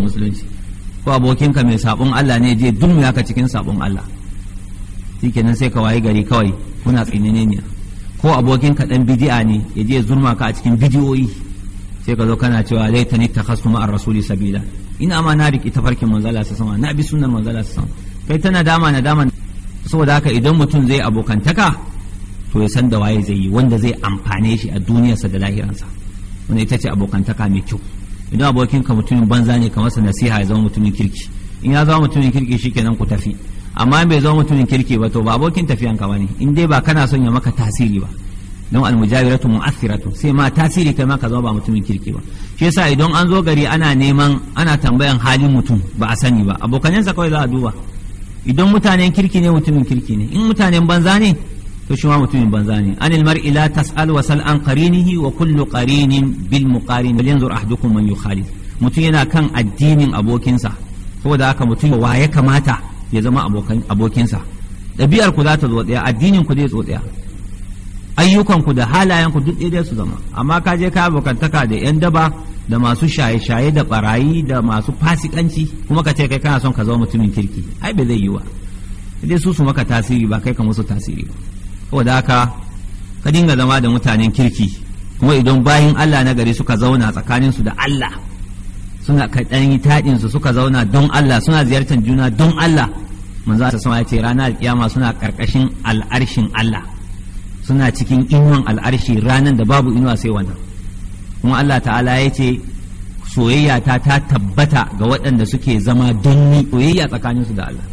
musulunci ko abokinka mai sabon Allah ne je duk ya ka cikin sabon Allah shikenan sai ka wayi gari kawai kuna tsinene ne ko abokinka dan bidi'a ne ya je zurma ka a cikin bidiyoyi sai ka zo kana cewa zai ta nita kasu ma'ar rasuli sabila ina ma na riƙi tafarkin manzala su sama na bi sunan manzala su sama kai tana dama na dama saboda haka idan mutum zai abokantaka to ya san da waye zai yi wanda zai amfane shi a duniyarsa da lahiransa wanda ita ce abokantaka mai kyau idan abokin ka mutumin banza ne ka masa nasiha ya zama mutumin kirki in ya zama mutumin kirki shikenan ku tafi amma in bai zama mutumin kirki ba to ba abokin tafiyan ka bane in dai ba kana son ya maka tasiri ba don almujawiratu mu'athiratu sai ma tasiri kai ma ka zama ba mutumin kirki ba shi yasa idan an zo gari ana neman ana tambayan halin mutum ba a sani ba abokanansa kawai za a duba idan mutanen kirki ne mutumin kirki ne in mutanen banza ne to shi ma mutumin banza ne anil mar'i la tas'al wa sal an qarinihi wa kullu qarinin bil muqarin bal yanzur ahadukum man yukhalif mutum yana kan addinin abokinsa da haka mutum wa ya kamata ya zama abokan abokinsa ɗabi'ar ku za ta zo addinin ku zai zo ɗaya ayyukan ku da halayen ku duk daidai su zama amma ka je ka abokantaka da yan daba da masu shaye-shaye da barayi da masu fasikanci kuma ka ce kai kana son ka zama mutumin kirki ai bai zai yi wa dai su su maka tasiri ba kai ka musu tasiri ba saboda haka ka dinga zama da mutanen kirki kuma idan bayan Allah na gari suka zauna tsakanin su da Allah suna kaɗan yi taɗin su suka zauna don Allah suna ziyartar juna don Allah manzo ta sama ya ce ranar alkiyama suna karkashin al'arshin Allah suna cikin inuwan al'arshi ranar da babu inuwa sai wannan kuma Allah ta'ala ya ce soyayya ta ta tabbata ga waɗanda suke zama don ni soyayya tsakaninsu da Allah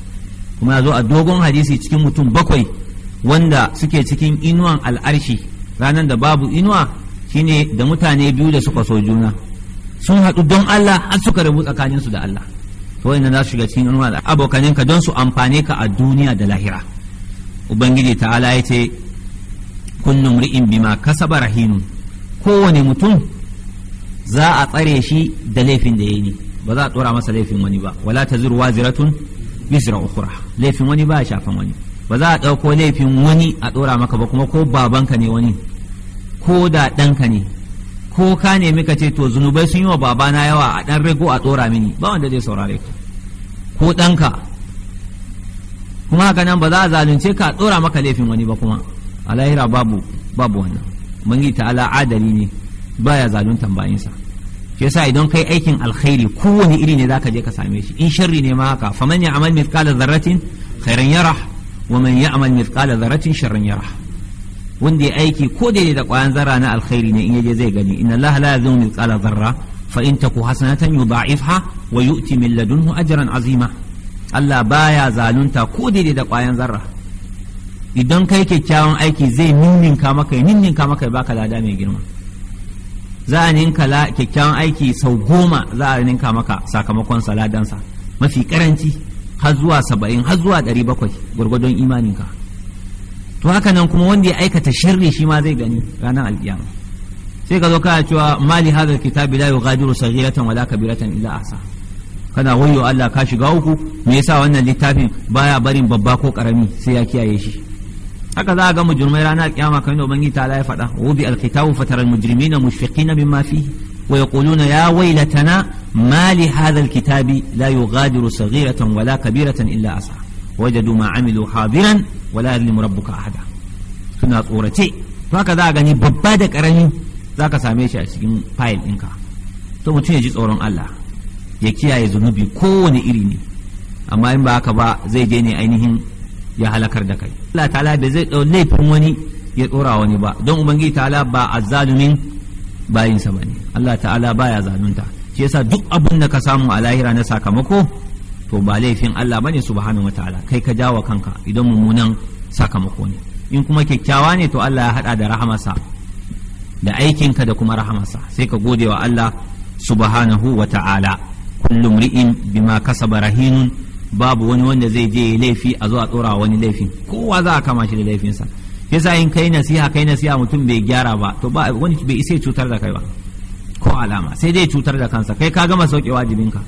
kuma ya a dogon hadisi cikin mutum bakwai wanda suke cikin inuwan al'arshi ranar da babu inuwa shine da mutane biyu da suka so juna sun haɗu don Allah har suka rabu tsakaninsu da Allah to wanda za su shiga cikin inuwa da abokaninka don su amfane ka a duniya da lahira ubangiji ta'ala ya ce kullum ri'in bima kasaba rahinu kowane mutum za a tsare shi da laifin da ya yi ba za a tsora masa laifin wani ba wala taziru waziratun bisra ukhra laifin wani ba shafan wani ba za a ɗauko laifin wani a ɗora maka ba kuma ko babanka ne wani ko da ɗanka ne ko ka nemi ka ce to zunubai sun yi wa babana yawa a ɗan rago a ɗora mini ba wanda zai saurare ka ko ɗanka kuma haka nan ba za a zalunce ka a ɗora maka laifin wani ba kuma a lahira babu babu wannan bangi ta'ala adali ne baya zaluntan bayinsa shi yasa idan kai aikin alkhairi kowane iri ne zaka je ka same shi in sharri ne ma haka faman ya amal mithqala dharratin khairan yara. wa man ya'mal mithqala dharratin sharran yarah wanda ya aiki ko da da kwayan zarra na alkhairi ne in ya je zai gani inna allaha la yazlimu mithqala dharra fa in taku hasanatan yudha'ifha wa yu'ti min ladunhu ajran azima Allah baya zalunta ko da da kwayan zarra idan kai kyakkyawan aiki zai ninninka maka ninninka maka baka lada mai girma za a ninka kyakkyawan aiki sau goma za a ninka maka sakamakon saladansa mafi karanci har zuwa saba'in har zuwa ɗari bakwai gwargwadon imaninka to haka nan kuma wanda ya aikata shirri shi ma zai gani ranar alƙiyama sai ka zo kana cewa mali hadal kitabi la yughadiru saghiratan wala kabiratan illa ahsa kana wayo Allah ka shiga uku me yasa wannan littafin baya barin babba ko karami sai ya kiyaye shi haka za a ga mujrimai ranar kiyama kan da ubangiji ta ya faɗa wa alkitabu fataral mujrimina mushfiqina mimma fihi Waya ويقولون يا ويلتنا ما لهذا الكتاب لا يغادر صغيرة ولا كبيرة إلا أسعى وجدوا ما عملوا حاضرا ولا يظلم ربك hada. suna tsorace to haka za a gani babba da karami za ka same shi a cikin fayil ɗinka to mutum ya ji tsoron Allah ya kiyaye zunubi kowane iri ne amma in ba haka ba zai daina ainihin ya halakar da kai Allah tala ba zai ɗau laifin wani ya ɗora wani ba don ubangiji tala ba azzalumin bayinsa ba ne Allah ta'ala baya zalunta shi yasa duk abin da ka samu a lahira na sakamako to ba laifin Allah bane subhanahu wataala kai ka jawo kanka idan mummunan sakamako ne in kuma kyakkyawa ne to Allah ya hada da rahamarsa da aikin ka da kuma rahamarsa sai ka gode wa Allah subhanahu wataala kullum ri'in bima kasaba rahinun babu wani wanda zai je laifi a zo a tsora wani laifin kowa za a kama shi da laifinsa yasa in kai nasiha kai nasiha mutum bai gyara ba to ba wani bai isa cutar da kai ba ko alama sai dai cutar da kansa kai ka gama sauke wajibinka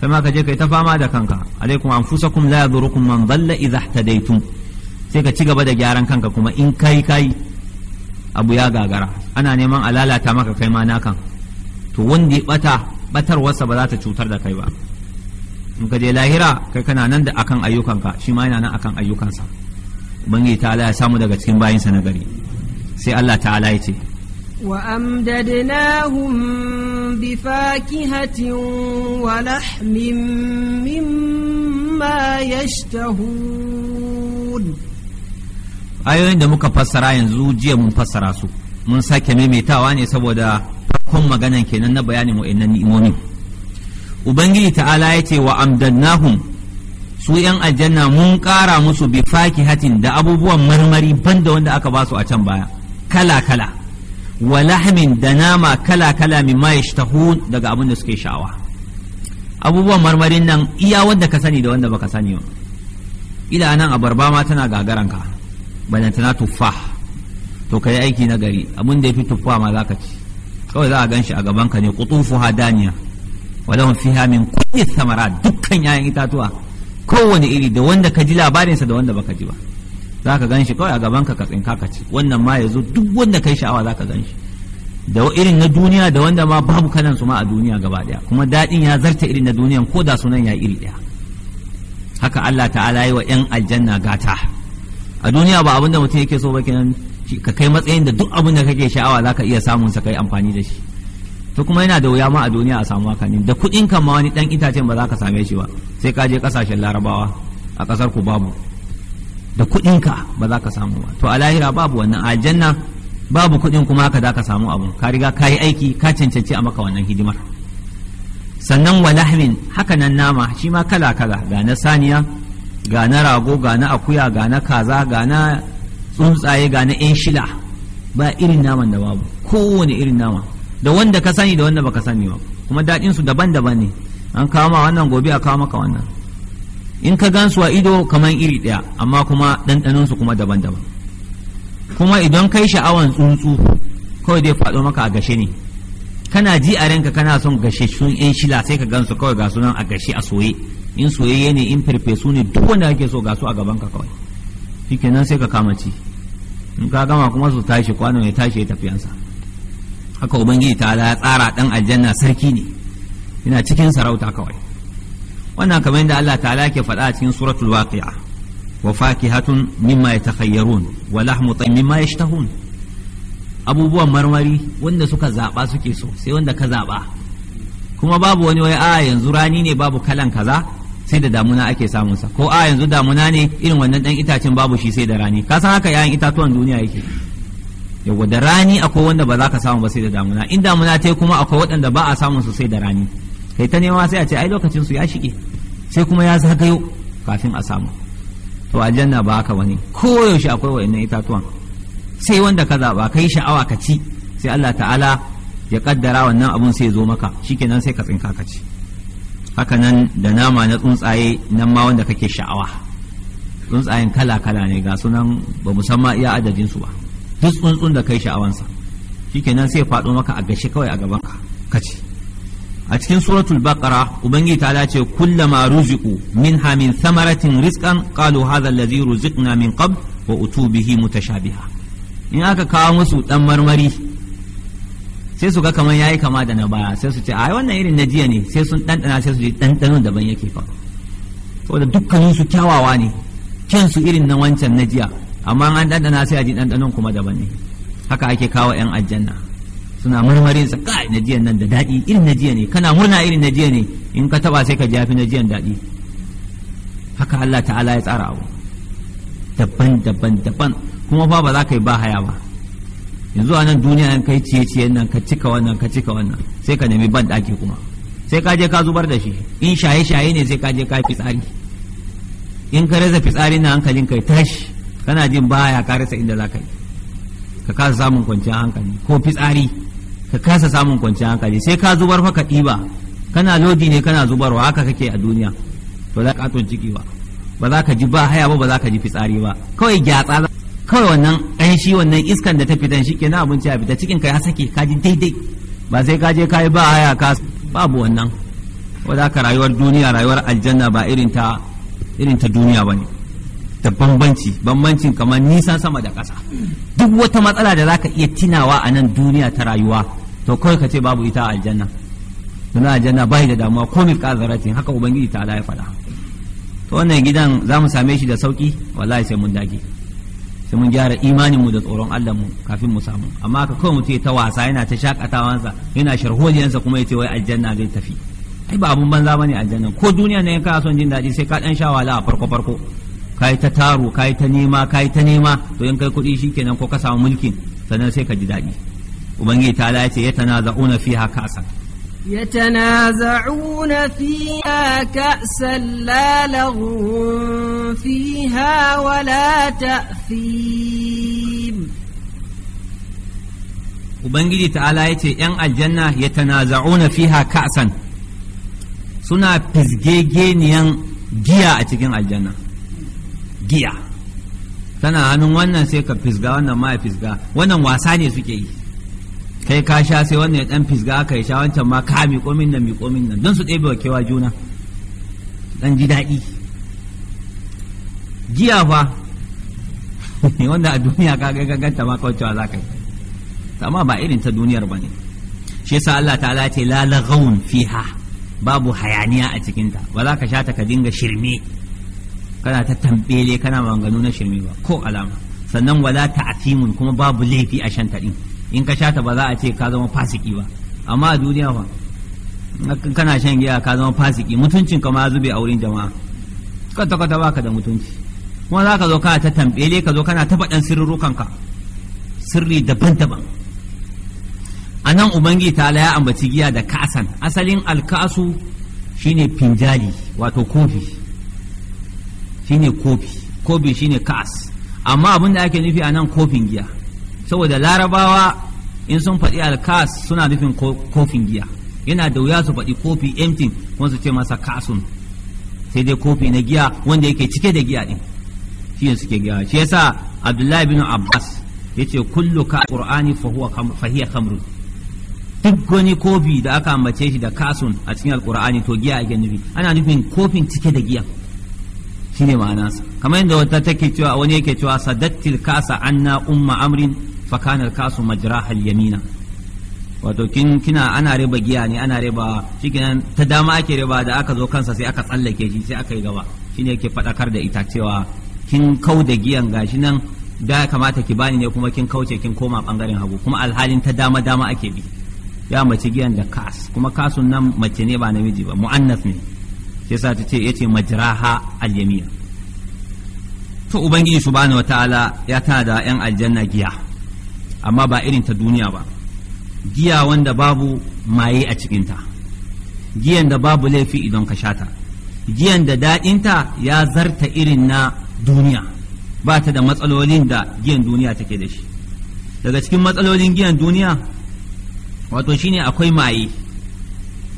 kai ma ka je kai ta fama da kanka alaikum anfusakum la yadurukum man dalla idha ihtadaytum sai ka ci gaba da gyaran kanka kuma in kai kai abu ya gagara ana neman a lalata maka kai ma nakan to wanda ya bata wasa ba za ta cutar da kai ba in ka je lahira kai kana nan da akan ayyukanka shi ma yana nan akan ayyukansa ubangiji ta ya samu daga cikin bayinsa na gari sai Allah ta'ala ya ce Wa fakihatin wa lahmin mimma yashtahun ayoyin da muka fassara yanzu jiya mun fassara su mun sake maimaitawa ne saboda farkon maganan kenan na bayanin wa'annan ni'imomi ubangiji ta'ala ya ce wa amdadnahum. su yan aljanna mun kara musu bi fakihatin da abubuwan marmari banda wanda aka ba su a can baya kala kala wa lahmin da nama kala kala min ma yashtahun daga abin da suke sha'awa abubuwan marmarin nan iya wanda ka sani da wanda baka sani ba ila nan abarba ma tana gagaranka na tuffa to kai aiki na gari abin da yafi tuffa ma zaka ci kawai za a gan shi a gaban ka ne qutufu hadaniya wa lahum fiha min kulli thamarat dukkan 'ya'yan itatuwa kowane iri da wanda ka ji labarinsa da wanda baka ji ba za ka gan shi kawai a gaban ka tsinka ka ci wannan ma ya zo duk wanda kai sha'awa za ka gan shi da irin na duniya da wanda ma babu kanan su ma a duniya gaba daya kuma daɗin ya zarta irin na duniyan ko da sunan ya iri daya haka Allah ta'ala yi wa 'yan aljanna gata a duniya ba abinda mutum yake so ba kenan ka kai matsayin da duk abin da kake sha'awa za ka iya samun sa kai amfani da shi to kuma yana da wuya ma a duniya a samu haka ne da kuɗin kan ma wani ɗan itacen ba za ka same shi ba sai ka je ƙasashen larabawa a ƙasar ku babu da kuɗin ka ba za ka samu ba to a lahira babu wannan a babu kuɗin kuma haka za ka samu abu ka riga ka yi aiki ka cancanci a maka wannan hidimar sannan walahmin haka nan nama shi ma kala kala ga na saniya ga na rago ga na akuya ga na kaza ga na tsuntsaye ga na 'yan ba irin naman da babu kowane irin nama da wanda ka sani da wanda baka sani ba kuma daɗin su daban-daban ne an kawo ma wannan gobe a kawo maka wannan in ka gansu a ido kaman iri ɗaya amma kuma ɗanɗanon su kuma daban-daban kuma idan kai sha'awan tsuntsu kawai dai faɗo maka a gashe ne kana ji a ranka kana son gashe sun yan shila sai ka gansu kawai ga sunan a gashe a soye in soyayye ne in farfesu ne duk wanda kake so ga su a gaban ka kawai shikenan sai ka kama ci in ka gama kuma su tashi kwano ya tashi ya tafiyansa haka ubangiji ta ya tsara dan aljanna sarki ne yana cikin sarauta kawai wannan kamar yadda Allah ta'ala ke faɗa a cikin suratul waqi'a wa fakihatun mimma yatakhayyarun wa lahmu mimma yashtahun abubuwan marmari wanda suka zaɓa suke so sai wanda ka zaɓa kuma babu wani wai a yanzu rani ne babu kalan kaza sai da damuna ake samunsa ko a yanzu damuna ne irin wannan dan itacen babu shi sai da rani ka san haka yayin itatuwan duniya yake yawa da rani akwai wanda ba za ka samu ba sai da damuna in damuna ta kuma akwai waɗanda ba a samun su sai da rani kai ta nema sai a ce ai lokacin su ya shige sai kuma ya zagayo kafin a samu to aljanna ba haka bane koyaushe akwai wa'annan itatuwan sai wanda ka zaba kai sha'awa ka ci sai Allah ta'ala ya kaddara wannan abun sai ya zo maka shikenan sai ka tsinka ka ci haka nan da nama na tsuntsaye nan ma wanda kake sha'awa tsuntsayen kala kala ne ga sunan ba musamman iya adadin su ba duk tsuntsun da kai sha'awansa shikenan sai faɗo maka a gashi kawai a gaban ka kace a cikin suratul baqara ubangiji ta ce kullama ruziqu minha min thamaratin rizqan qalu hadha allazi ruziqna min qabl wa utu mutashabiha in aka kawo musu dan marmari sai su ga kamar yayi kama da na baya sai su ce ai wannan irin na jiya ne sai sun dandana sai su ji dandanon daban yake fa saboda dukkanin su kyawawa ne kyan su irin na wancan na jiya amma an ɗanɗana sai a ji dandanon kuma daban ne haka ake kawo 'yan aljanna suna murmarin sa kai na jiyan nan da daɗi irin na jiya ne kana murna irin na jiya ne in ka taba sai ka ji na jiyan daɗi haka Allah ta'ala ya tsara abu daban daban daban kuma fa ba za ka yi ba haya ba yanzu a nan duniya an kai ciye ciye nan ka cika wannan ka cika wannan sai ka nemi ban daki kuma sai ka je ka zubar da shi in shaye shaye ne sai ka je ka fitsari in ka rasa fitsari na hankalin kai tashi kana jin baya ka rasa inda za ka yi ka kasa samun kwanciyar hankali ko fitsari ka kasa samun kwanciyar hankali sai ka zubar fa ka ɗiba kana lodi ne kana zubarwa haka kake a duniya to za ka ciki ba ba za ka ji ba haya ba ba za ka ji fitsari ba kawai gyatsa kawai wannan ɗan shi wannan iskan da ta fitan shi kenan abinci a fita cikin ka ya sake ka ji daidai ba sai ka je ka yi ba haya ka babu wannan wadaka rayuwar duniya rayuwar aljanna ba irin ta irin ta duniya ba ne da bambanci bambancin kamar nisan sama da ƙasa duk wata matsala da zaka iya tinawa a nan duniya ta rayuwa to kawai ka ce babu ita a aljanna don aljanna bai da damuwa ko mai kazarati haka ubangiji ta ala ya faɗa to wannan gidan za mu same shi da sauki wallahi sai mun dage sai mun gyara imaninmu da tsoron mu kafin mu samu amma ka kawai mutum ta wasa yana ta shakatawansa yana sharholiyansa kuma ya ce wai aljanna zai tafi ai ba abun banza bane aljanna ko duniya ne in ka son jin daɗi sai ka ɗan sha wala a farko farko kai ta taro kai ta nema kai ta nema to in kai kuɗi shikenan ko ka samu mulkin sannan sai ka ji daɗi ubangiji ta ya ce ya tanaza'una fiha kasa يتنازعون فيها كأسا لا لغو فيها ولا تأثيم Ubangiji ta'ala ya ce, ‘yan aljanna ya tanaza'una fiha ka'san suna fizgegeniyan giya a cikin aljanna, giya tana hannun wannan sai ka fisga wannan ma ya fisga wannan wasa ne suke yi kai ka sha sai wannan ya dan fisga aka ya sha wancan ma ka mi komin nan mi komin nan don su ɗebe wa kewa juna dan ji daɗi giya fa wanda a duniya ka ga ganta ma kaucewa za ka yi amma ba irin ta duniyar ba ne shi yasa Allah ta'ala ce la lagawn fiha babu hayaniya a cikinta ba za ka sha ta ka dinga shirme kana ta tambele kana maganganu na shirme ba ko alama sannan wala ta'timun kuma babu laifi a shanta din in ka shata ba za a ce ka zama fasiki ba amma a duniya fa kana shan giya ka zama fasiki mutuncin ka ma zube a wurin jama'a kwata kwata baka da mutunci kuma za ka zo kana ta tambele ka zo kana ta faɗan sirrukan ka sirri daban-daban a nan ubangi ta ya ambaci giya da ka'asan asalin alka'asu shine finjali wato kofi shine kofi kofi shine kas amma abin da ake nufi a nan kofin giya saboda larabawa in sun faɗi alkas suna nufin kofin giya yana da wuya su faɗi kofi emtin kuma su ce masa kasun sai dai kofi na giya wanda yake cike da giya din shi ne suke giya shi yasa abdullahi bin abbas ya ce kullu ka qur'ani fa huwa duk wani kofi da aka mace shi da kasun a cikin alqur'ani to giya ake nufi ana nufin kofin cike da giya shine ma'anansa kamar yadda wata take cewa wani yake cewa sadattil kasa anna umma amrin Fakanar, kasu majrahal yamina wato kin kina ana riba giya ne ana riba shikenan ta dama ake riba da aka zo kansa sai aka tsallake shi sai aka yi gaba ne yake fadakar da ita cewa kin kau da giyan gashi nan da ya kamata ki bani ne kuma kin kauce kin koma bangaren hagu kuma alhalin ta dama dama ake bi ya mace giyan da kas kuma kasun nan mace ne ba namiji ba mu'annas ne shi yasa ta ce yace majraha al to ubangiji wata ta'ala ya da yan aljanna giya amma ba irin ta duniya ba giya wanda babu maye a cikinta giyan da babu laifi idan ka shata giyan da daɗinta ya zarta irin na duniya ba ta da matsalolin da giyan duniya take da shi daga cikin matsalolin giyan duniya wato shine akwai maye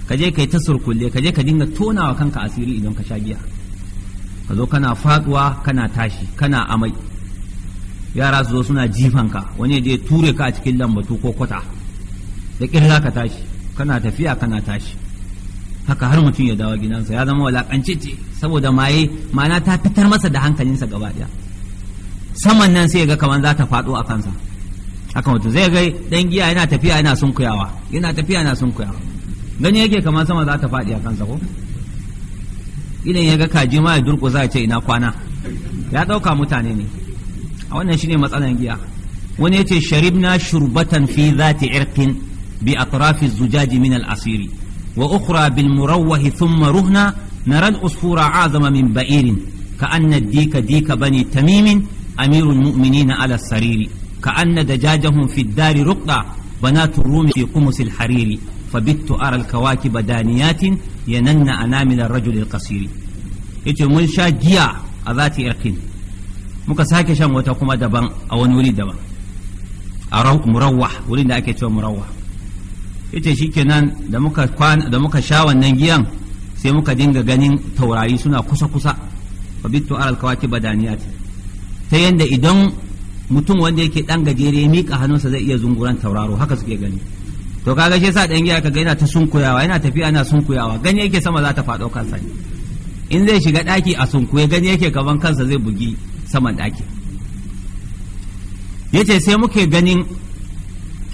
ka je ka yi ta surkulle ka je ka dinga tonawa kanka asiri idan ka sha giya ka zo kana faduwa kana tashi kana amai yara su zo suna jifanka wani je ture ka a cikin lambatu ko kwata da kirla ka tashi kana tafiya kana tashi haka har mutum ya dawo gidansa ya zama walakancece saboda maye ma'ana ta fitar masa da hankalinsa gaba daya saman nan sai ga kamar za ta faɗo a kansa haka mutum zai ga dan giya yana tafiya yana sunkuyawa yana tafiya yana sunkuyawa gani yake kamar sama za ta faɗi a kansa ko idan ya ga kaji ma ya durƙusa ce ina kwana ya ɗauka mutane ne a wannan shine matsalan giya wani ya ce sharibna shurbatan fi zati irqin bi atrafi zujaji min al asiri wa ukhra bil murawwahi thumma ruhna nara al usfura azama min ba'irin ka anna dika dika bani tamim muminina المؤمنين على السرير كأن دجاجهم في الدار رقدة بنات الروم في قمص hariri. fabittu aral ya nanna yananna anamil rajul al-qasiri yace mun sha giya a zati irkin muka sake shan wata kuma daban a wani wuri daban a murawwa wurin da ake cewa murawwa yace shikenan da muka da muka sha wannan giyan sai muka dinga ganin taurari suna kusa kusa fabittu aral kawakiba daniyatin ta yadda idan mutum wanda yake ɗan gajere ya miƙa hannunsa zai iya zunguran tauraro haka suke gani to kaga shi yasa dan giya kaga yana ta sunkuyawa yana tafiya yana sunkuyawa gani yake sama za ta faɗo kansa ne in zai shiga ɗaki a sunkuye gani yake kaman kansa zai bugi saman ɗaki yace sai muke ganin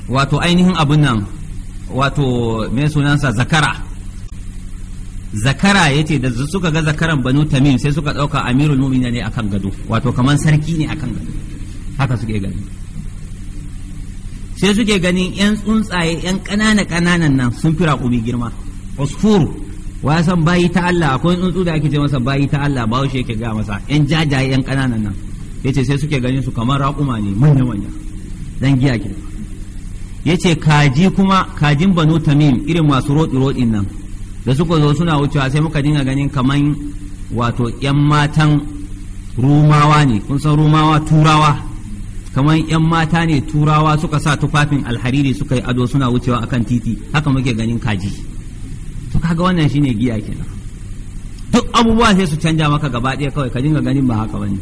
wato ainihin abun nan wato mai sunansa zakara zakara yace da suka ga zakaran banu tamim sai suka ɗauka amirul mu'minin ne akan gado wato kaman sarki ne akan gado haka suke gani sai suke ganin yan tsuntsaye yan ƙanana ƙananan nan sun fi raƙumi girma usfuru wa san bayi ta Allah akwai tsuntsu da ake ce masa bayi ta Allah ba shi yake ga masa yan jajaye yan ƙananan nan yace sai suke ganin su kamar raƙuma ne manya manya dan giya ke yace kaji kuma kajin banu tamim irin masu roɗi roɗin nan da suka zo suna wucewa sai muka dinga ganin kaman wato yan matan rumawa ne kun san rumawa turawa kamar yan mata ne turawa suka sa tufafin alhariri suka yi ado suna wucewa akan titi haka muke ganin kaji to kaga wannan shine giya kenan duk abubuwa sai su canja maka gaba ɗaya kawai ka dinga ganin ba haka bane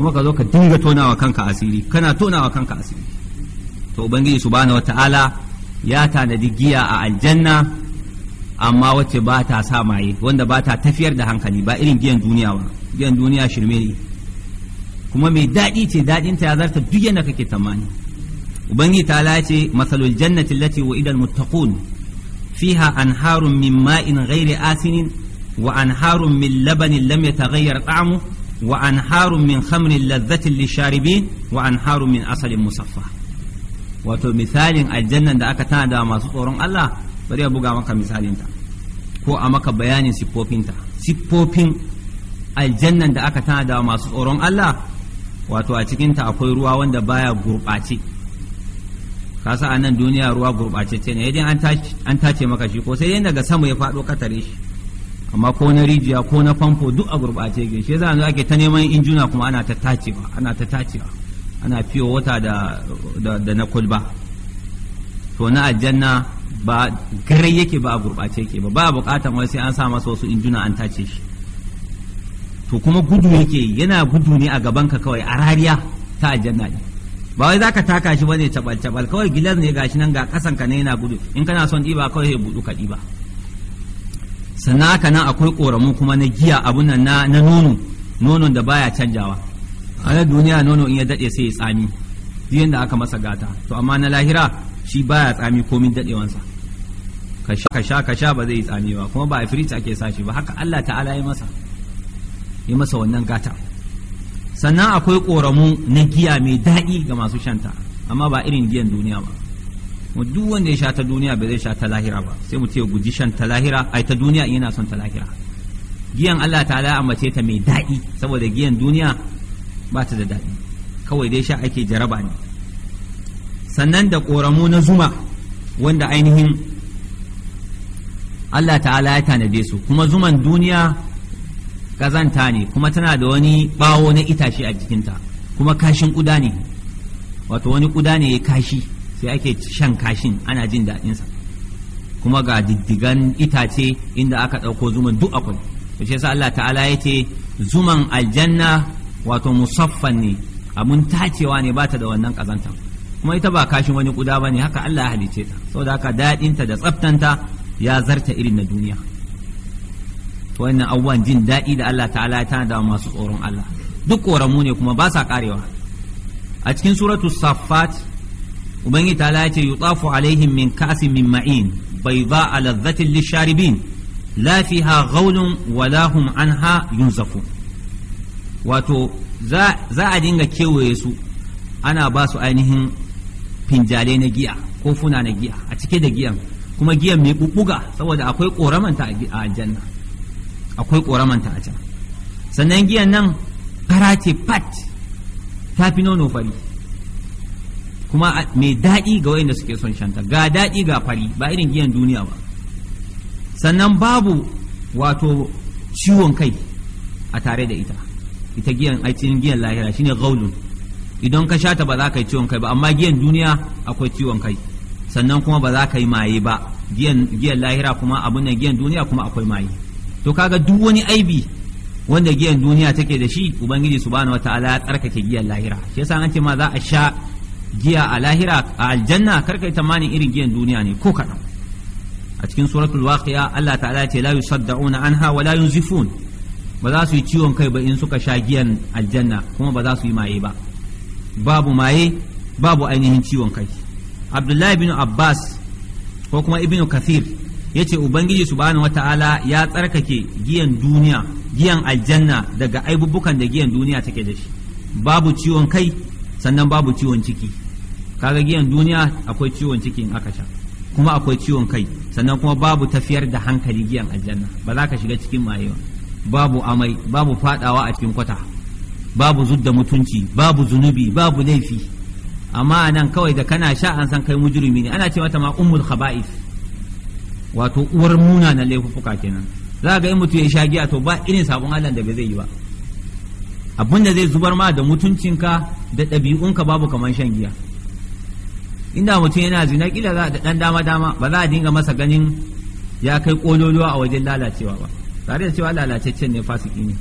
kuma ka zo ka dinga tonawa kanka asiri kana tonawa kanka asiri to ubangiji subhanahu wataala ya tanadi giya a aljanna amma wacce ba ta sa maye wanda ba ta tafiyar da hankali ba irin giyan duniya ba giyan duniya shirme ne kuma mai daɗi ce daɗin ta ya zarta duk yadda kake tsammani ubangi ta lace masalul jannati lati wa idal muttaqun fiha anharun min ma'in ghairi asinin wa anharun min labanin lam yataghayyar ta'amu wa anharun min khamrin ladhatin lisharibin wa anharun min asalin musaffa wato misalin aljannan da aka tana da masu tsoron Allah bari ya buga maka misalinta ko a maka bayanin siffofinta siffofin aljannan da aka tana da masu tsoron Allah wato a cikinta akwai ruwa wanda baya gurɓace kasa a nan duniya ruwa gurɓace ce ne idan an tace maka shi ko sai yadda daga sama ya faɗo katare shi amma ko na rijiya ko na famfo duk a gurɓace ke shi ake ta neman injuna kuma ana ta tacewa ana ta tacewa ana fiye wata da, na kulba to na aljanna ba garai yake ba a gurɓace ke ba ba a buƙatan wai sai an sa masa wasu injuna an tace shi to kuma gudu yake yana gudu ne a gaban ka kawai a rariya ta aljanna ne ba wai zaka taka shi bane cabal cabal kawai gilas ne gashi nan ga kasan ka ne yana gudu in kana son ɗiba kawai ya budu ka diba sannan haka nan akwai ƙoramu kuma na giya abun nan na nono nonon da baya canjawa a na duniya nono in ya dade sai ya tsami duk yanda aka masa gata to amma na lahira shi baya tsami komin daɗewansa ka sha ka sha ba zai yi tsami ba kuma ba a firita ake sashi ba haka Allah ta'ala ya masa Yi masa wannan gata sannan akwai ƙoramu na giya mai daɗi ga masu shanta amma ba irin giyan duniya ba duk wanda ya sha ta duniya ba zai sha ta lahira ba sai mu ce guji shan ta lahira ai ta duniya yana son ta lahira giyan Allah ta'ala mace ta mai daɗi saboda giyan duniya ba ta da daɗi kawai dai sha ake jaraba ne sannan da ƙoramu na zuma wanda ainihin Allah ta'ala ya tanade su kuma zuman duniya kazanta ne kuma tana da wani bawo na itace a jikinta kuma kashin kuda ne wato wani kuda ne ya kashi sai ake shan kashin ana jin daɗinsa kuma ga diddigan itace inda aka ɗauko zuman duk akwai to shi sa Allah ta'ala ya ce zuman aljanna wato musaffan ne abun tacewa ne bata da wannan kazanta kuma ita ba kashin wani kuda ne haka Allah ya halice ta saboda haka daɗinta da tsaftanta ya zarta irin na duniya to wannan abubuwan jin daɗi da Allah ta'ala ya tana da masu tsoron Allah duk ƙoramu ne kuma ba sa ƙarewa a cikin suratu saffat ubangiji ta'ala ya ce yutafu alaihim min ka'sin min ma'in bayda ladhatin lisharibin la fiha ghawlun wala hum anha yunzafun wato za a dinga kewaye su ana ba su ainihin finjale na giya ko funa na giya a cike da giyan kuma giyan mai bubbuga saboda akwai koramanta a aljanna akwai ƙoramanta a can sannan giyan nan fara ce fat ta fi nono fari kuma mai daɗi ga wayanda suke son shanta ga daɗi ga fari ba irin giyan duniya ba sannan babu wato ciwon kai a tare da ita ita giyan aicin giyan lahira shine gaulun idan ka shata ba za ka yi ciwon kai ba amma giyan duniya akwai ciwon kai sannan kuma ba za ka yi maye ba giyan lahira kuma abin giyan duniya kuma akwai maye to kaga duk wani aibi wanda giyan duniya take da shi ubangiji subhanahu wataala ya tsarkake giyan lahira shi yasa an ce ma za a sha giya a lahira a aljanna karkai tamanin irin giyan duniya ne ko kaɗan a cikin suratul waqiya Allah ta'ala ce la yusaddauna anha wa la yunzifun ba za su yi ciwon kai ba in suka sha giyan aljanna kuma ba za su yi maye ba babu maye babu ainihin ciwon kai Abdullahi bin Abbas ko kuma Ibn Kathir Ya ce ubangiji subhanahu wataala ya tsarkake giyan duniya giyan aljanna daga aibubukan da giyan duniya take da shi babu ciwon kai sannan babu ciwon ciki kaga giyan duniya akwai ciwon ciki in aka sha kuma akwai ciwon kai sannan kuma babu tafiyar da hankali giyan aljanna ba za ka shiga cikin mayewa babu amai babu fadawa a cikin kwata babu zudda mutunci babu zunubi babu laifi amma nan kawai da kana sha an san kai mujrimi ne ana ce mata ma ummul khaba'is wato uwar muna na laifuka kenan za ga in mutum ya sha giya to ba irin sabon Allah da bai zai yi ba abin da zai zubar ma da mutuncinka da ɗabi'unka babu kamar shan giya inda mutum yana zina kila za da dan dama dama ba za a dinga masa ganin ya kai kololuwa a wajen lalacewa ba tare da cewa lalacaccen ne fasiki ne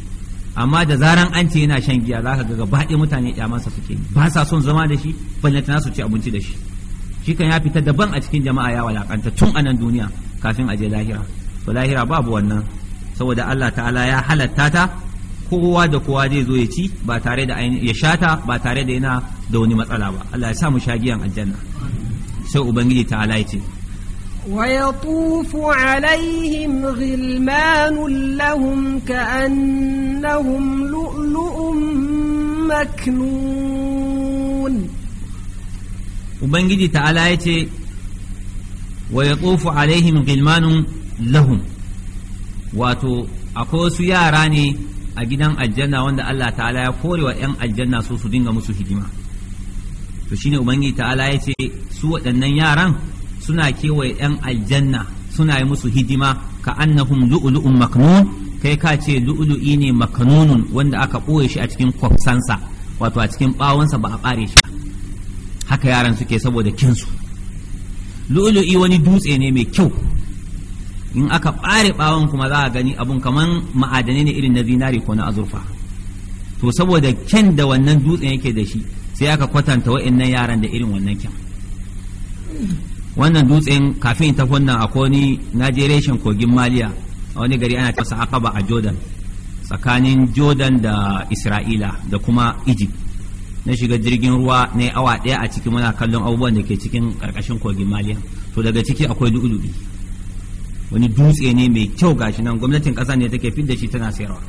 amma da zaran an ce yana shan giya za ka ga gaba ɗaya mutane kyamansa suke ba sa son zama da shi ballantana su ci abinci da shi shi kan ya fita daban a cikin jama'a ya walakanta tun a nan duniya kafin a je lahira to lahira babu wannan saboda Allah ta'ala ya halatta ta kowa da kowa zai zo ya ci ba tare da ya shata ba tare da yana da wani matsala ba Allah ya sa mu shagiyan aljanna sai ubangiji ta'ala ya ce ويطوف عليهم غلمان لهم كأنهم لؤلؤ مكنون Ubangiji ta'ala ya ce wa yatufu alaihim gilmanun lahum wato akwai wasu yara ne a gidan aljanna wanda Allah ta'ala ya korewa wa 'yan aljanna so su dinga musu hidima to shine ubangiji ta'ala ya ce su waɗannan yaran suna kewaye 'yan aljanna suna yi musu hidima ka annahum lu'lu'un maknun kai ka ce lu'lu'i ne maknunun wanda aka ɓoye shi a cikin kwafsansa wato a cikin ɓawonsa ba a ɓare shi haka yaran suke saboda kinsu lu'lu'i wani dutse ne mai kyau in aka ɓare ɓawon kuma za a gani abun kaman ma'adanai ne irin na zinari ko na azurfa to saboda kyan da wannan dutsen yake da shi sai aka kwatanta wa'annan yaran da irin wannan kyan wannan dutsen kafin ta wannan a koni najereshin kogin maliya a wani gari ana tasa akaba a jordan tsakanin jordan da isra'ila da kuma egypt na shiga jirgin ruwa na awa ɗaya a ciki muna kallon abubuwan da ke cikin ƙarƙashin kogin maliya to daga ciki akwai lu'ulu'i wani dutse ne mai kyau gashi nan gwamnatin ƙasa ne take fidda shi tana sayarwa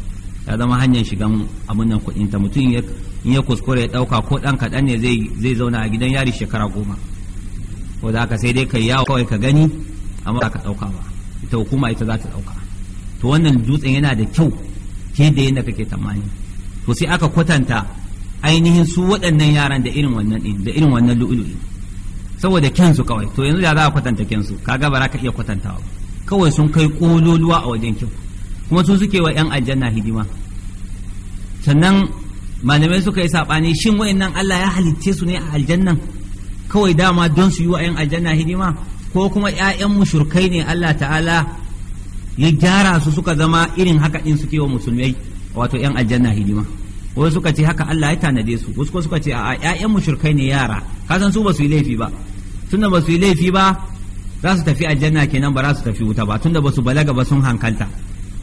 ya zama hanyar shigan abin nan kuɗin ta mutum in ya kuskure ya ɗauka ko ɗan kaɗan ne zai zauna a gidan yari shekara goma ko da haka sai dai ka yawo kawai ka gani amma ka ɗauka ba ita hukuma ita za ta ɗauka to wannan dutsen yana da kyau ke da yadda kake tamani to sai aka kwatanta ainihin su waɗannan yaran da irin wannan da irin wannan lu'ulu'i saboda kyansu kawai to yanzu da za a kwatanta kyansu kaga ba za ka iya kwatantawa kawai sun kai kololuwa a wajen kyau kuma su suke wa 'yan aljanna hidima sannan malamai suka yi saɓani shin wa'annan Allah ya halicce su ne a aljannan kawai dama don su yi wa 'yan aljanna hidima ko kuma ƴaƴan mushurkai ne Allah ta'ala ya gyara su suka zama irin haka ɗin suke wa musulmai wato 'yan aljanna hidima wasu suka ce haka Allah ya tanade su wasu suka ce a ƴaƴan mushrikai ne yara ka san su ba su yi laifi ba tunda ba su yi laifi ba za su tafi aljanna kenan ba za su tafi wuta ba tunda ba su balaga ba sun hankalta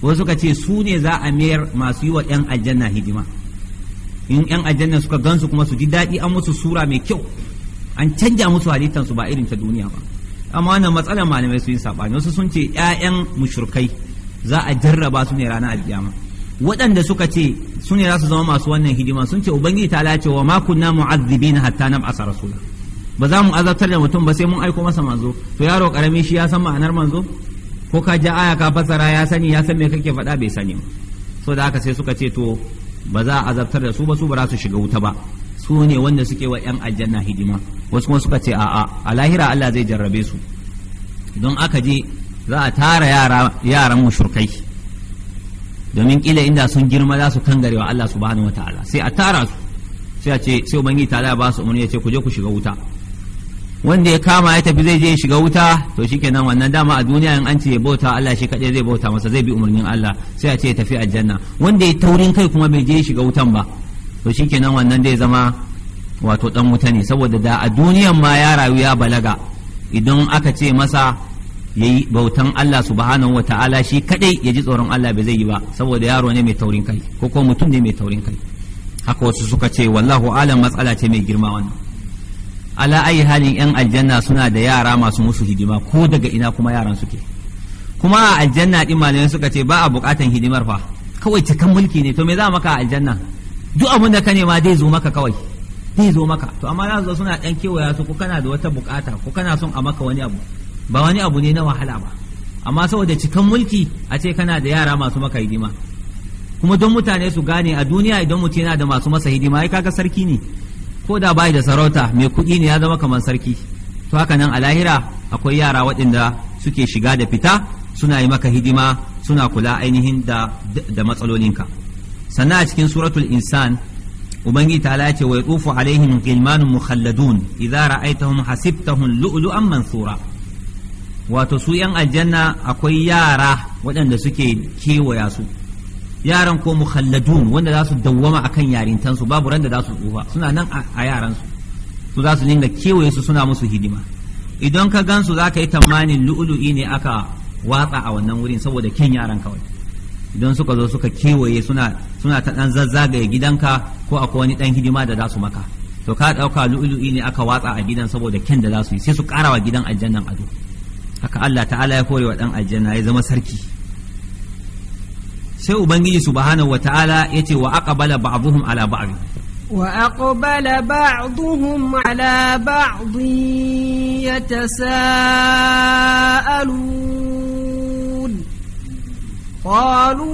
wasu suka ce su ne za a mayar masu yi wa ƴan aljanna hidima in ƴan aljanna suka gansu kuma su ji daɗi an musu sura mai kyau an canja musu halittansu ba irin ta duniya ba amma wannan matsalar malamai su yi saɓani wasu sun ce ƴaƴan mushrikai za a jarraba su ne ranar alkiyama waɗanda suka ce su ne za su zama masu wannan hidima sun ce ubangiji ta lace wa ma kunna na hatta na rasula ba za mu azabtar da mutum ba sai mun aiko masa manzo to yaro karami shi ya san ma'anar manzo ko ka ja aya ka fasara ya sani ya san me kake faɗa bai sani ba so da haka sai suka ce to ba za a azabtar da su ba su ba za su shiga wuta ba su ne wanda suke wa 'yan aljanna hidima wasu kuma suka ce a'a a lahira Allah zai jarrabe su don aka je za a tara yara yaran mushrikai domin kila inda sun girma za su wa Allah subhanahu wataala sai a tara su sai a ce sai ubangiji ta ba su umarni ya ce ku je ku shiga wuta wanda ya kama ya tafi zai je shiga wuta to shikenan wannan dama a duniya in an ce bauta Allah shi kaɗai zai bauta masa zai bi umarnin Allah sai a ce ya tafi aljanna wanda ya taurin kai kuma bai je shiga wutan ba to shikenan wannan zai zama wato dan wuta ne saboda da a duniyan ma ya rayu ya balaga idan aka ce masa ya yi bautan Allah subhanahu ta'ala shi kadai ya ji tsoron Allah bai zai yi ba saboda yaro ne mai taurin kai ko kuma mutum ne mai taurin kai haka wasu suka ce wallahu alam matsala ce mai girma wannan ala ayi halin yan aljanna suna da yara masu musu hidima ko daga ina kuma yaran suke kuma a aljanna din malamai suka ce ba a bukatan hidimar fa kawai cikan mulki ne to me za maka a aljanna duk abin da ka nema dai zo maka kawai zai zo maka to amma za suna dan kewaya su ko kana da wata bukata ko kana son a maka wani abu ba wani abu ne na wahala ba amma saboda cikan mulki a ce kana da yara masu maka hidima kuma don mutane su gane a duniya idan mutum yana da masu masa hidima ai kaga sarki ne ko da bai da sarauta mai kuɗi ne ya zama kamar sarki to haka nan a lahira akwai yara waɗanda suke shiga da fita suna yi maka hidima suna kula ainihin da da matsalolinka sannan a cikin suratul insan ubangi ta ce wa yatufu alaihim ghilmanun mukhalladun idza ra'aytahum hasibtahum lu'lu'an mansura wato su yan aljanna akwai yara waɗanda suke kewaya su yaran ko mukhalladun wanda za su dawwama akan su babu ran da za su tsufa suna nan a yaran su za su dinga kewaye su suna musu hidima idan ka gansu za ka yi tamanin lu'ulu'i ne aka watsa a wannan wurin saboda kin yaran kawai idan suka zo suka kewaye suna suna ta dan zazzagaye gidanka ko akwai wani dan hidima da za su maka to ka dauka lu'ulu'i ne aka watsa a gidan saboda ken da za su yi sai su karawa gidan aljannan ado haka Allah ta'ala ya kore wa dan aljanna ya zama sarki sai ubangiji subhanahu wa ta'ala yace wa aqbala ba'dhum ala ba'd wa aqbala ba'dhum ala ba'd yatasaalun qalu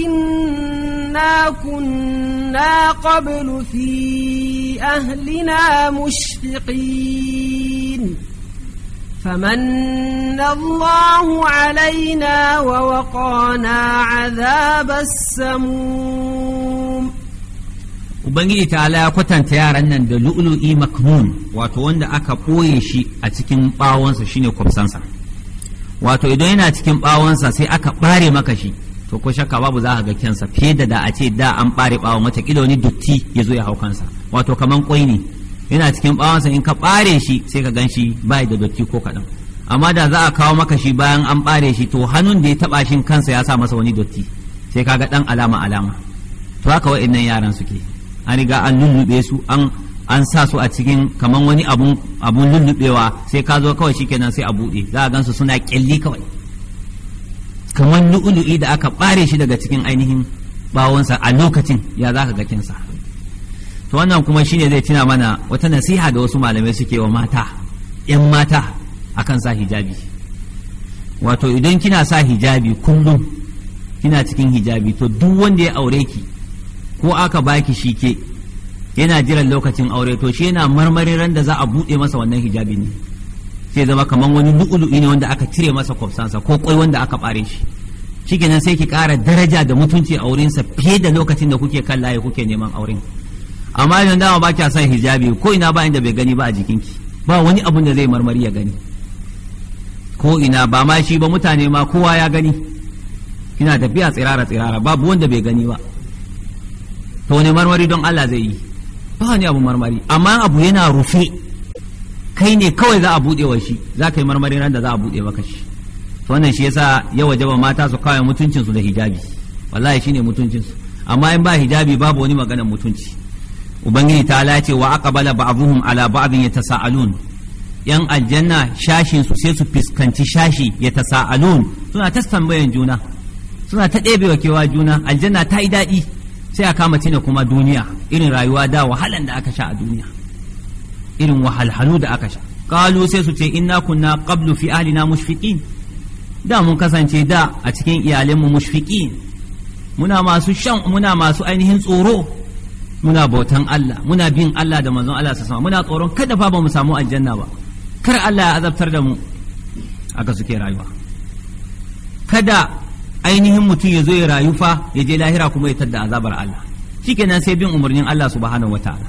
inna kunna qablu fi ahlina mushfiqin فمن الله علينا ووقانا عذاب السموم Ubangiji ta'ala ya kwatanta yaran nan da lu'lu'i maknun wato wanda aka ɓoye shi a cikin ɓawonsa shine kwafsansa wato idan yana cikin ɓawonsa sai aka ɓare maka shi to ko shakka babu za a ga kyansa fiye da da a ce da an ɓare ɓawon wata wani dutti ya zo ya hau kansa wato kaman ƙwai ne yana cikin bawansa in ka bare shi sai ka gan shi bai da dotti ko kaɗan amma da za a kawo maka shi bayan an bare shi to hannun da ya taba shi kansa ya sa masa wani dotti sai ka ga ɗan alama alama to haka wa'annan yaran suke an riga an lullube su an an sa su a cikin kaman wani abu abun lullubewa sai ka zo kawai shikenan sai a bude za a gansu suna kyalli kawai kaman lu'ulu'i da aka bare shi daga cikin ainihin bawansa a lokacin ya za ka ga kinsa to wannan kuma shine zai tuna mana wata nasiha da wasu malamai suke wa mata yan mata akan sa hijabi wato idan kina sa hijabi kullum kina cikin hijabi to duk wanda ya aure ki ko aka baki shi ke yana jiran lokacin aure to shi yana marmarin ran da za a buɗe masa wannan hijabi ne sai zama kamar wani lu'ulu'i ne wanda aka cire masa kwafsansa ko kwai wanda aka bare shi shikenan sai ki ƙara daraja da mutunci a wurinsa fiye da lokacin da kuke kan layi kuke neman aure. amma idan dama ba kya son hijabi ko ina ba inda bai gani ba a jikinki ba wani abun da zai marmari ya gani ko ina ba ma shi ba mutane ma kowa ya gani kina tafiya tsirara tsirara babu wanda bai gani ba to wani marmari don Allah zai yi ba wani abu marmari amma abu yana rufe kai ne kawai za a buɗe wa shi za ka yi marmari ran da za a buɗe maka shi to wannan shi yasa ya wajaba mata su kawai mutuncinsu da hijabi wallahi shine mutuncinsu amma in ba hijabi babu wani maganar mutunci ubangiji ta lace wa bala ba'dhum ala ba'dhin yatasaalun yan aljanna shashin su sai su fiskanci shashi yatasaalun suna ta tambayan juna suna ta ɗebewa kewa juna aljanna ta yi daɗi sai a kama tina kuma duniya irin rayuwa da wahalan da aka sha a duniya irin wahalhalu da aka sha kalu sai su ce inna kunna qablu fi ahlina mushfiqin da mun kasance da a cikin iyalanmu mushfiqin muna masu shan muna masu ainihin tsoro muna bautan Allah muna bin Allah da manzon Allah sama muna tsoron kada fa ba mu samu aljanna ba kar Allah ya azabtar da mu aka suke rayuwa kada ainihin mutum ya zo ya rayu fa ya je lahira kuma ya tadda azabar Allah shikenan sai bin umarnin Allah subhanahu wataala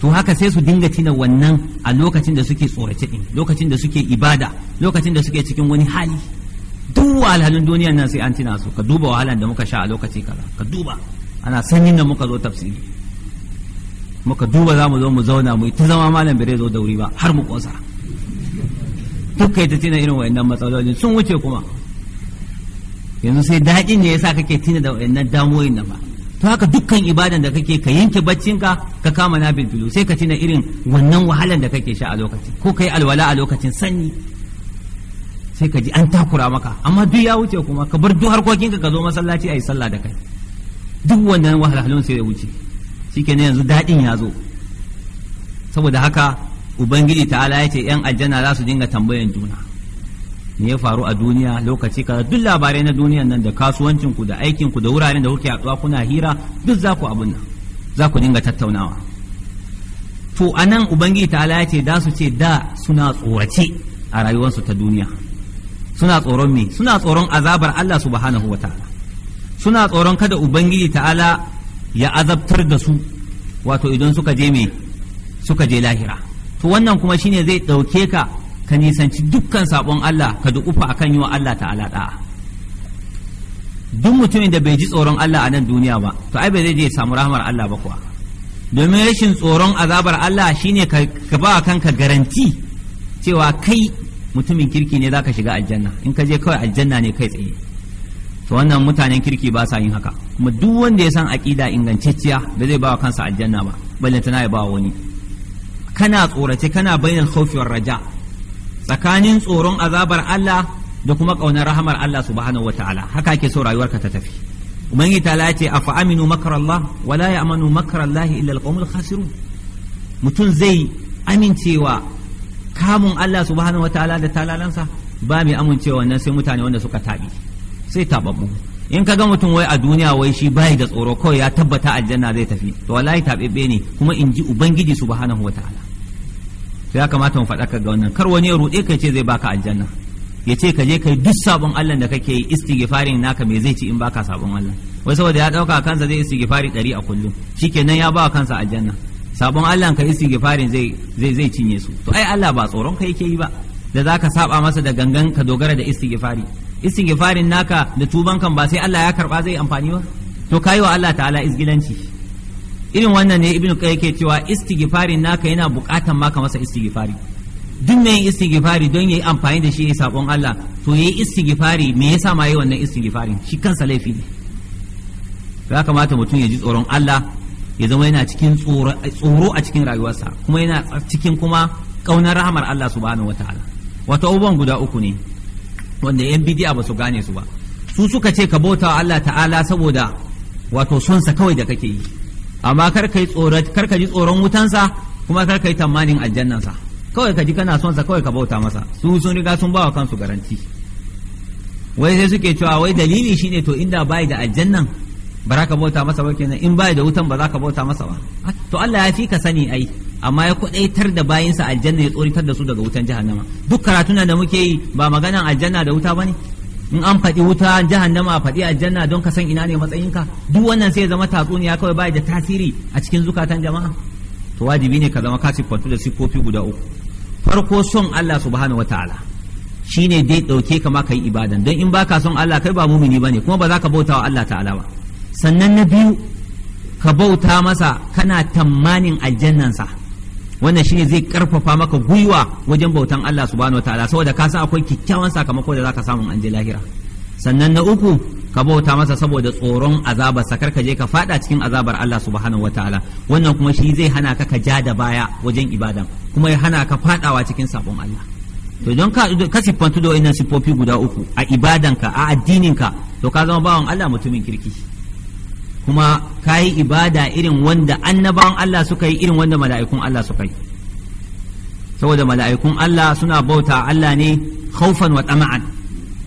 to haka sai su dinga tina wannan a lokacin da suke tsorace din lokacin da suke ibada lokacin da suke cikin wani hali duk wahalhalun duniyan nan sai an tina su ka duba wahalan da muka sha a lokaci kaza ka duba ana sanyin da muka zo tafsiri muka duba za mu zo mu zauna mu yi ta zama malam bai zo dauri ba har mu kosa duk kai ta tina irin wayannan matsalolin sun wuce kuma yanzu sai daɗin ne yasa kake tina da wayannan damuwoyin nan ba to haka dukkan ibadan da kake ka yanke baccinka ka kama na bilbilu sai ka tina irin wannan wahalan da kake sha a lokaci ko kai alwala a lokacin sanyi sai ka ji an takura maka amma duk ya wuce kuma ka bar duk harkokin ka zo masallaci ayi sallah da kai duk wannan wahalhalun sai ya wuce shi na yanzu daɗin ya zo saboda haka ubangiji ta'ala ya ce yan aljanna za su dinga tambayan juna me ya faru a duniya lokaci kaza duk labarai na duniya nan da kasuwancin ku da aikin da wuraren da kuke haɗuwa kuna hira duk za ku abin nan za ku dinga tattaunawa to anan ubangiji ta'ala ya ce da su ce da suna tsorace a rayuwarsu ta duniya suna tsoron me suna tsoron azabar Allah subhanahu wataala suna tsoron kada ubangiji ta'ala ya azabtar da su wato idan suka je me suka je lahira to wannan kuma shine zai ɗauke ka ka nisanci dukkan sabon Allah ka dukufa akan yiwa Allah ta'ala da'a duk mutumin da bai ji tsoron Allah a nan duniya ba to ai bai zai je samu rahmar Allah ba kuwa domin rashin tsoron azabar Allah shine ka ba kanka garanti cewa kai mutumin kirki ne zaka shiga aljanna in ka je kawai aljanna ne kai tsaye to wannan mutanen kirki ba sa yin haka kuma duk wanda ya san aqida ingantacciya ba zai bawa kansa aljanna ba balle tana ya bawa wani kana tsorace kana bainal khawfi war raja tsakanin tsoron azabar Allah da kuma kaunar rahamar Allah subhanahu wataala haka ake so rayuwarka ta tafi ubangiji ta lace afa aminu makar Allah wala ya'manu illa alqawmul khasirun mutum zai amincewa kamun Allah subhanahu wataala da talalansa ba mai amincewa nan sai mutane wanda suka tabi sai taɓaɓɓu in ka ga mutum wai a duniya wai shi bai da tsoro kawai ya tabbata aljanna zai tafi to wallahi taɓaɓɓe ne kuma in ji ubangiji subhanahu wataala to ya kamata mu faɗa ka ga wannan kar wani ya ruɗe kai ce zai baka aljanna ya ce ka je kai duk sabon Allah da kake yi istighfarin naka me zai ci in baka sabon Allah wai saboda ya dauka kansa zai istighfari dari a kullum shikenan ya ba kansa aljanna sabon Allah ka istighfarin zai zai zai cinye su to ai Allah ba tsoron ka yake yi ba da zaka saba masa da gangan ka dogara da istighfari istighfarin naka da tuban kan ba sai Allah ya karba zai amfani ba to kai wa Allah ta'ala izgilanci irin wannan ne ibnu kai yake cewa istighfarin naka yana bukatan maka masa istighfari duk mai istighfari don yayi amfani da shi ya sabon Allah to yayi istighfari me yasa ma yayi wannan istighfarin shi kansa laifi ne ya kamata mutum ya ji tsoron Allah ya zama yana cikin tsoro a cikin rayuwarsa kuma yana cikin kuma ƙaunar rahamar Allah subhanahu wataala wato uban guda uku ne wanda yan bidiya ba su gane su ba su suka ce ka bauta wa Allah ta'ala saboda wato sonsa kawai da kake yi amma kar ka kar ka ji tsoron wutansa kuma kar ka yi tamanin sa kawai ka ji kana sonsa kawai ka bauta masa su sun riga sun ba wa kansu garanti wai sai suke cewa wai dalili shine to inda bai da aljannan ba ka bauta masa ba kenan in bai da wutan ba za ka bauta masa ba to Allah ya fi ka sani ai amma ya kwadaitar da bayinsa aljanna ya tsoritar da su daga wutan jahannama duk karatuna da muke yi ba maganan aljanna da wuta bane in an faɗi wuta jahannama a faɗi aljanna don ka san ina ne matsayinka duk wannan sai ya zama tatsuniya kawai bai da tasiri a cikin zukatan jama'a to wajibi ne ka zama ka siffantu da siffofi guda uku farko son Allah subhanahu wataala shine dai dauke ka ma kai ibadan don in baka son Allah kai ba mumini bane kuma ba za ka bauta wa Allah ta'ala ba sannan na biyu ka bauta masa kana tammanin aljannansa wannan shine zai karfafa maka gwiwa wajen bautan Allah subhanahu wataala saboda ka san akwai kyakkyawan sakamako da zaka samu an je lahira sannan na uku ka bauta masa saboda tsoron azabar sa kar ka je ka fada cikin azabar Allah subhanahu wataala wannan kuma shi zai hana ka ka ja da baya wajen ibadan kuma ya hana ka fadawa cikin sabon Allah to don ka ka siffantu da wannan siffofi guda uku a ka a addininka to ka zama bawan Allah mutumin kirki kuma ka yi ibada irin wanda annabawan Allah suka yi irin wanda mala'ikun Allah suka yi saboda mala'ikun Allah suna bauta Allah ne haufan wa tama'an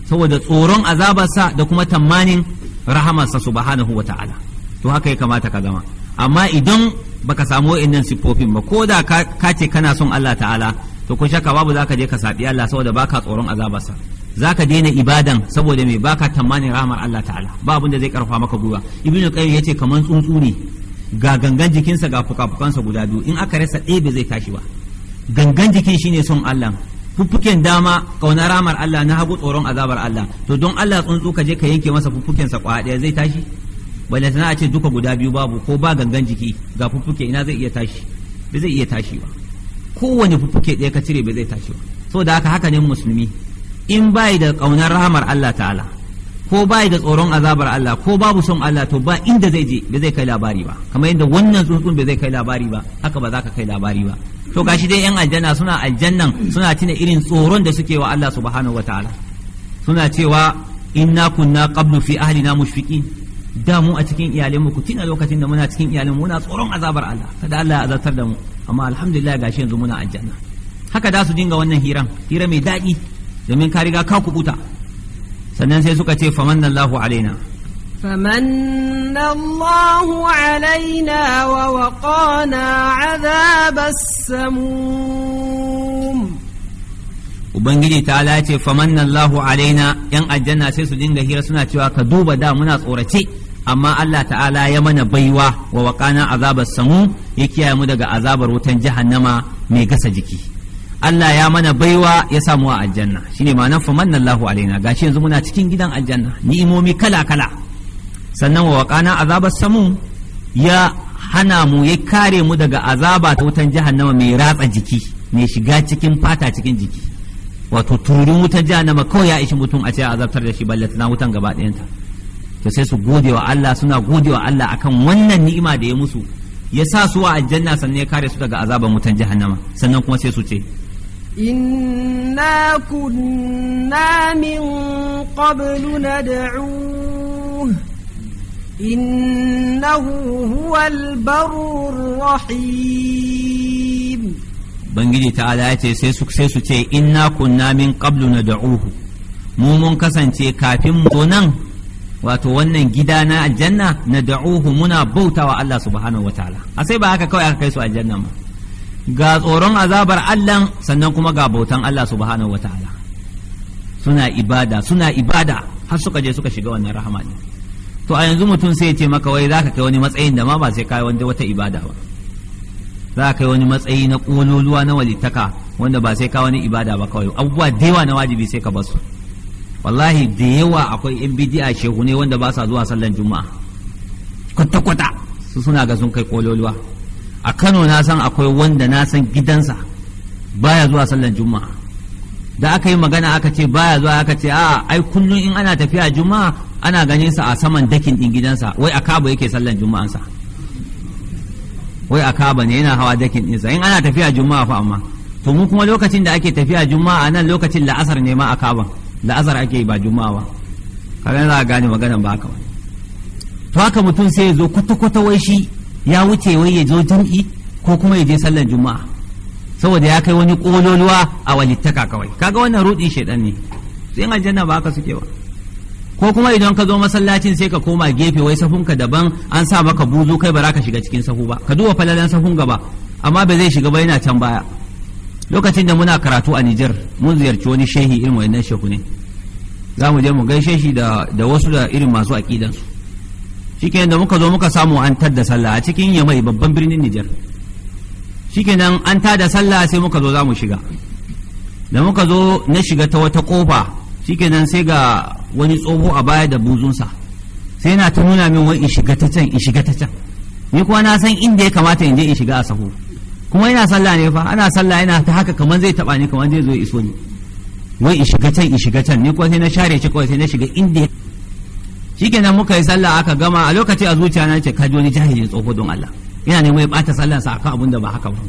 saboda tsoron azabarsa da kuma tammanin rahamarsa subhanahu wa ta'ala to haka ya kamata ka zama amma idan baka samu wa'annan siffofin ba ko da ka ce kana son Allah ta'ala to kun shaka babu zaka je ka saɓi Allah saboda baka tsoron azabarsa Za ka daina ibadan saboda mai baka tamanin rahmar Allah ta'ala ba abin da zai karfa maka gwiwa ibnu qayyim yace kaman tsuntsu ne ga gangan jikinsa ga fukafukansa guda biyu in aka rasa ɗaya bai zai tashi ba gangan jikin shine son Allah fuffuken dama kauna ramar Allah na hagu tsoron azabar Allah to don Allah tsuntsu ka je ka yanke masa fuffukensa kwa ɗaya zai tashi balle tana a ce duka guda biyu babu ko ba gangan jiki ga fuffuke ina zai iya tashi ba zai iya tashi ba kowane fuffuke ɗaya ka cire ba zai tashi ba saboda haka haka ne musulmi in bai da ƙaunar rahamar Allah ta'ala ko bai da tsoron azabar Allah ko babu son Allah to ba inda zai je ba zai kai labari ba kamar yadda wannan tsuntsun ba zai kai labari ba haka ba za ka kai labari ba to gashi dai yan aljanna suna aljannan suna tuna irin tsoron da suke wa Allah subhanahu wataala suna cewa inna kunna qablu fi ahlina mushfiqin da mu a cikin iyalanmu ku tuna lokacin da muna cikin iyalanmu muna tsoron azabar Allah kada Allah ya azartar da mu amma alhamdulillah gashi yanzu muna aljanna haka da su dinga wannan hiran hira mai daɗi domin ka riga ka kubuta sannan sai suka ce famanna Allahu alaina فمن الله علينا ووقانا عذاب السموم Ubangiji ta lace famanna Allahu alaina ‘yan aljanna sai su dinga hira suna cewa ka duba da muna tsorace amma Allah ta'ala ya mana baiwa wa waqana azabar samu ya kiyaye mu daga azabar wutan jahannama mai gasa jiki. Allah ya mana baiwa ya samu a aljanna shine ma'anar famanna Allahu alaina gashi yanzu muna cikin gidan aljanna ni'imomi kala kala sannan wa waqana azabar samun ya hana mu ya kare mu daga azaba ta wutan jahannama mai ratsa jiki mai shiga cikin fata cikin jiki wato turin wutan jahannama kawai ya ishi mutum a ce azabtar da shi balle tana wutan gaba ɗayanta to sai su gode wa Allah suna gode wa Allah akan wannan ni'ima da ya musu ya sa su wa aljanna sannan ya kare su daga azaban wutan jahannama sannan kuma sai su ce إنا كنا من قبل ندعوه إنه هو البر الرحيم بنجي تعالى سيسوك سيسو إنا كنا من قبل ندعوه mu mun kasance kafin mu zo nan wato wannan gida na aljanna na da'uhu muna bautawa Allah subhanahu wataala a sai ba haka kawai kai su aljanna ma ga tsoron azabar Allah sannan kuma ga bautan Allah subhanahu wataala suna ibada suna ibada har suka je suka shiga wannan rahama ne to a yanzu mutum sai ya ce maka wai zaka kai wani matsayin da ma ba sai kai wanda wata ibada ba za ka kai wani matsayi na ƙololuwa na walittaka wanda ba sai ka wani ibada ba kawai abubuwa da yawa na wajibi sai ka basu wallahi da yawa akwai yan bidiya shehu ne wanda ba sa zuwa sallan juma'a kwata-kwata su suna ga sun kai kololuwa a kano na san akwai wanda na san gidansa baya zuwa sallar juma'a da aka yi magana aka ce baya zuwa aka ce a ai kullum in ana tafiya juma'a ana ganin sa a saman dakin din gidansa wai a kaba yake sallar juma'ansa wai a kaba ne yana hawa dakin dinsa in ana tafiya juma'a fa amma to mu kuma lokacin da ake tafiya juma'a nan lokacin la'asar ne ma a kaban la'asar ake yi ba juma'a ba kaga za a gane maganan ba haka ba to haka mutum sai ya zo kwata-kwata wai shi ya wuce wai ya zo jam'i ko kuma ya je sallar juma'a saboda ya kai wani kololuwa a walittaka kawai kaga wannan rudin shaidan ne sai aljanna ba ka suke ba ko kuma idan ka zo masallacin sai ka koma gefe wai safunka daban an sa maka buzu kai ba za ka shiga cikin sahu ba ka duba falalan safun gaba amma ba zai shiga ba yana can baya lokacin da muna karatu a Nijar mun ziyarci wani shehi irin wannan shehu ne za mu je mu gaishe shi da wasu da irin masu aƙidansu shikenan da muka zo muka samu an tadda sallah a cikin yamai babban birnin Nijar shikenan an tada sallah sai muka zo za mu shiga da muka zo na shiga ta wata kofa shikenan sai ga wani tsoho a baya da buzunsa sai na ta nuna min wai in shiga ta can in shiga ta can ni kuma na san inda ya kamata in je in shiga a sahu kuma ina sallah ne fa ana sallah yana ta haka kamar zai taba ni kamar zai zo ya iso ni wai in shiga can in shiga can ni kuma sai na share shi kawai sai na shiga inda ya shikenan muka yi sallah aka gama a lokaci a zuciya na ce ka ji wani jahilin tsoho don Allah ina neman ya bata sallah sa akan abin da ba haka ba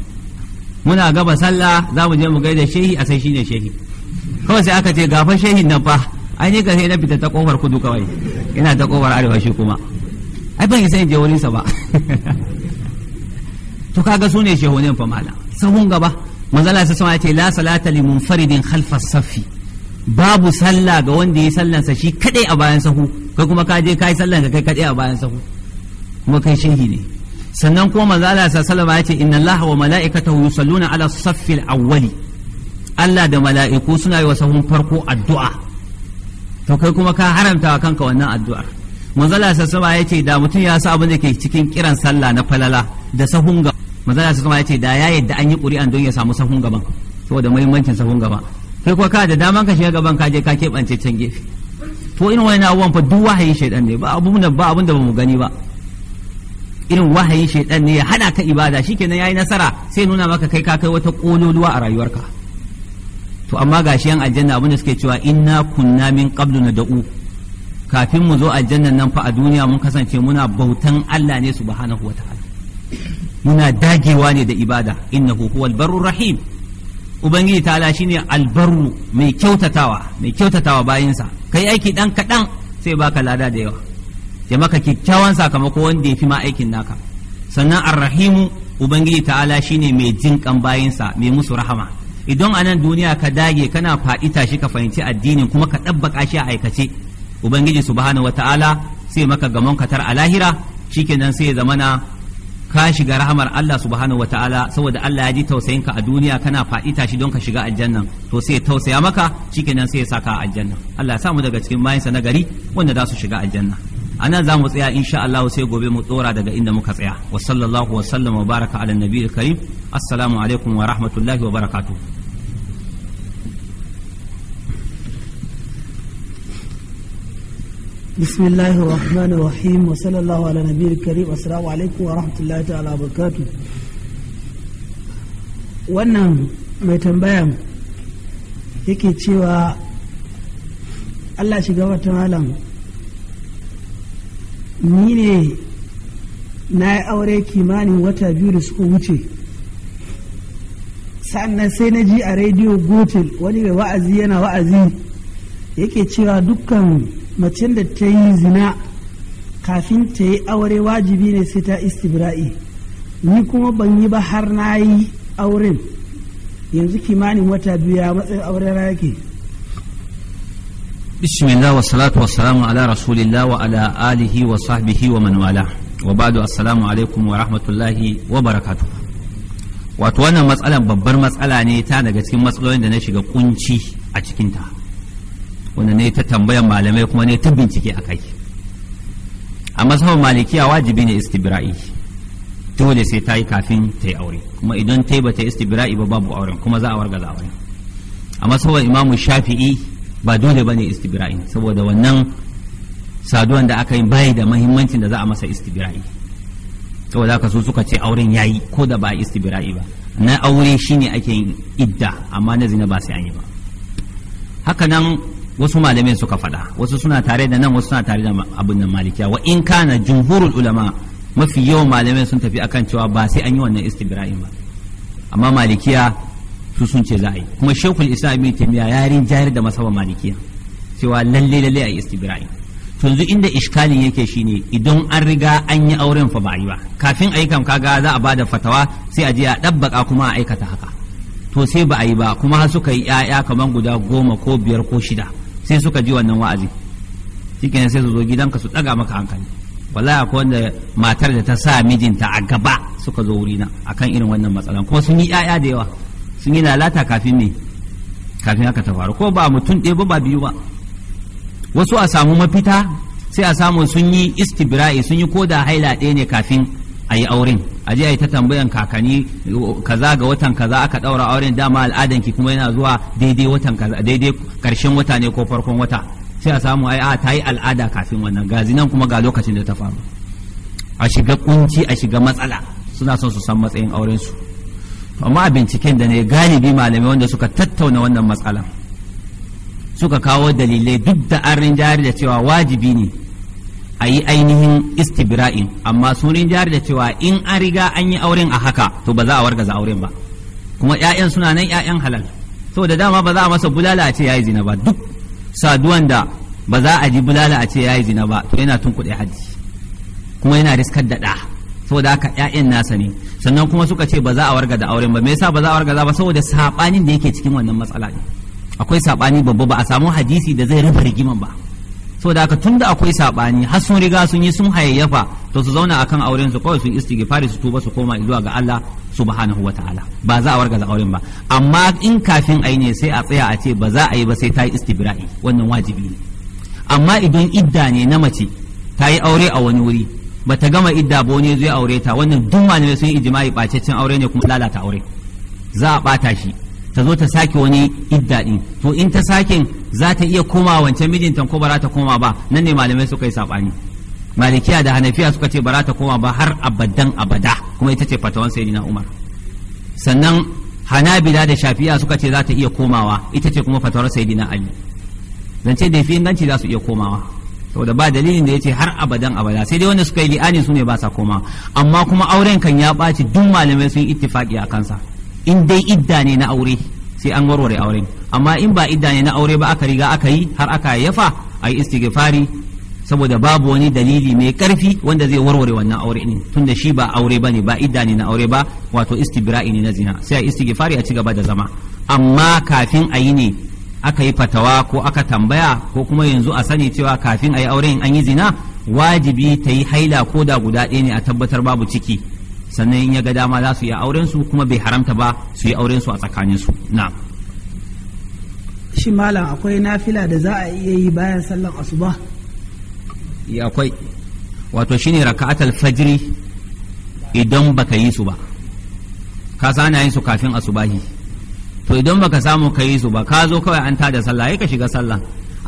muna gaba sallah za mu je mu gaida shehi a sai shine shehi kawai sai aka ce gafa shehin nan fa ai ne sai na fita ta kofar kudu kawai ina ta kofar arewa shi kuma ai ban sai je wurin sa ba to kaga sune shehonin fa mala sahun gaba manzala sai sama ya ce la salata li munfaridin khalfa safi babu sallah ga wanda ya sallansa shi kaɗai a bayan sahu kai kuma ka je ka yi sallan ka kai kadai a bayan sahu kuma kai shehi ne sannan kuma manzo Allah sallallahu alaihi ya ce inna Allah wa mala'ikatahu yusalluna ala saffil awwali Allah da mala'iku suna yi wa sahun farko addu'a to kai kuma ka haramta wa kanka wannan addu'ar manzo Allah sallallahu alaihi ya ce da mutum ya sa abin da ke cikin kiran sallah na falala da sahun gaba manzo Allah sallallahu alaihi ya ce da ya yadda an yi ƙuri'an don ya samu sahun gaban saboda muhimmancin sahun gaba sai kuma ka da daman ka shiga gaban ka ke ka keɓance can gefe to irin wani abubuwan fa duk wahayin shaidan ne ba abun da ba abun da bamu gani ba irin wahayin shaidan ne ya hada ka ibada shikenan yayi nasara sai nuna maka kai ka kai wata kololuwa a rayuwarka to amma gashi yan aljanna abin da suke cewa inna kunna min qablu nad'u kafin mu zo aljannan nan fa a duniya mun kasance muna bautan Allah ne subhanahu wataala muna dagewa ne da ibada innahu huwal barur rahim ubangiji ta'ala shine albaru mai kyautatawa mai kyautatawa bayinsa kai aiki ɗan kaɗan sai baka lada da yawa ya maka kyakkyawan sakamako wanda ya fi ma aikin naka sannan arrahimu ubangiji ta'ala shine mai jinkan bayansa bayinsa mai musu rahama idan a nan duniya ka dage kana faɗi tashi ka fahimci addinin kuma ka ɗabbaka shi a aikace ubangiji subhanahu wataala sai maka gamon katar a lahira shikenan sai ya zamana ka shiga rahamar Allah subhanahu ta'ala saboda Allah ya ji tausayin ka a duniya kana faɗi shi don ka shiga aljanna to sai tausaya maka shikenan sai ya saka a aljanna Allah ya samu daga cikin mayansa na gari wanda za su shiga aljanna anan za mu tsaya insha Allah sai gobe mu tsora daga inda muka tsaya wa sallallahu wa sallama wa baraka ala nabiyil karim assalamu alaikum wa rahmatullahi wa barakatuh بسم الله الرحمن الرحيم وصلى الله على نبي الكريم والسلام عليكم ورحمة الله تعالى وبركاته wannan mai tambayan yake cewa Allah shiga wata malam ni ne na yi aure kimanin wata biyu da suka wuce sannan sai na ji a rediyo gotel wani mai wa'azi yana wa'azi yake cewa dukkan macen da ta yi zina kafin ta yi aure wajibi ne sai ta istibra'i ni kuma ban yi ba har na yi auren yanzu kimanin wata biyu ya matsayin auren na yake bismillah wa salatu wa salamu ala rasulillah wa ala alihi wa sahbihi wa man wala wa ba'du assalamu alaikum wa rahmatullahi wa barakatuh wato wannan matsalan babbar matsala ne ta daga cikin matsalolin da na shiga kunci a cikinta wanda ne ta tambayan malamai kuma ne ta bincike a kai a masahar malikiya wajibi ne istibra'i dole sai ta yi kafin ta yi aure kuma idan ta yi ba ta yi istibra'i ba babu auren kuma za a za auren a masahar imamu shafi'i ba dole ba ne istibra'i saboda wannan saduwan da aka yi bayi da mahimmancin da za a masa istibra'i saboda haka su suka ce auren ya yi ko da ba a istibra'i ba na aure shine ake yin idda amma na zina ba sai an yi ba haka nan wasu malamin suka faɗa wasu suna tare da nan wasu suna tare da abin nan malikiya wa in kana jumhurul ulama mafi yawan malamai sun tafi akan cewa ba sai an yi wannan istibra'in ba amma malikiya su sun ce za a yi kuma shekul islam ibn taymiya ya rinjayar da masaba malikiya cewa lalle lalle a istibra'in to yanzu inda iskalin yake shine idan an riga an yi auren fa ba a yi ba kafin a yi kam kaga za a bada fatawa sai a je a dabbaka kuma a aikata haka to sai ba a yi ba kuma har suka yi 'ya'ya kamar guda goma ko biyar ko shida sai suka ji wannan wa'azi shikenan sai su zo gidanka su ɗaga maka hankali wallahi akwai wanda matar da ta sa mijinta a gaba suka zo wurina akan irin wannan matsalan ko sun yi 'ya'ya da yawa sun yi lalata kafin ne kafin haka ta ko ba mutum ɗaya ba ba biyu ba wasu a samu mafita sai a samu sun yi istibra'i sun yi koda haila ɗaya ne kafin a yi auren a je a yi ta tambayan kakanni kaza ga watan kaza aka ɗaura auren dama al'adan ki kuma yana zuwa daidai watan kaza daidai karshen wata ne ko farkon wata sai a samu ai a ta yi al'ada kafin wannan gazi nan kuma ga lokacin da ta faru a shiga kunci a shiga matsala suna son su san matsayin auren su amma a binciken da ne galibi malamai wanda suka tattauna wannan matsalan suka kawo dalilai duk da an rinjari da cewa wajibi ne a yi ainihin istibra'in amma sunin jari da cewa in an riga an yi auren a haka to ba za a wargaza auren ba kuma 'ya'yan suna nan 'ya'yan halal da dama ba za a masa bulala a ce yayi zina ba duk saduwan da ba za a ji bulala a ce yayi zina ba to yana tun tunkuɗe haji kuma yana riskar da ɗa saboda haka 'ya'yan nasa ne sannan kuma suka ce ba za a wargaza auren ba me yasa ba za a wargaza ba saboda saɓanin da yake cikin wannan matsala ne akwai saɓani babba ba a samu hadisi da zai rufe rigiman ba so da haka tunda akwai sabani har sun riga sun yi sun hayayyafa to su zauna akan auren su kawai su istighfari su tuba su koma zuwa ga Allah subhanahu wataala ba za a wargaza auren ba amma in kafin ayi ne sai a tsaya a ce ba za a yi ba sai ta yi istibra'i wannan wajibi ne amma idan idda ne na mace ta yi aure a wani wuri bata gama idda ba wani zai aure ta wannan duk ne sun yi ijma'i bacaccen aure ne kuma lalata aure za a bata shi ta zo ta sake wani idda din to in ta sake za ta iya koma wancan mijintan ko ba za ta koma ba nan ne malamai suka yi saɓani malikiya da hanafiya suka ce ba za ta koma ba har abadan abada kuma ita ce fatawan sayyidina umar sannan hanabila da shafiya suka ce za ta iya komawa ita ce kuma fatawar sayyidina ali zance da fi inganci za su iya komawa saboda ba dalilin da ya ce har abadan abada sai dai wanda suka yi li'ani su ne ba sa koma amma kuma auren kan ya ɓaci duk malamai sun yi ittifaqi a kansa in dai idda ne na aure sai an warware auren amma in ba idda ne na aure ba aka riga aka yi har aka yafa a yi istighfari saboda babu wani dalili mai karfi wanda zai warware wannan aure ne tunda shi ba aure bane ba idda ne na aure ba wato istibra'i ne na zina sai a istighfari a ci gaba da zama amma kafin a yi ne aka yi fatawa ko aka tambaya ko kuma yanzu a sani cewa kafin a yi aure an yi zina wajibi ta yi haila ko da guda ɗaya ne a tabbatar babu ciki sannan in ya ga dama za su yi auren su kuma bai haramta ba su yi auren su a tsakanin su na shi malam akwai nafila da za a iya yi bayan sallar asuba ya eh, akwai wato shine raka'atul fajri idan baka yi su ba ka sana yin su kafin asubahi to idan baka samu ka yi su ba ka zo kawai an tada sallah ka shiga sallah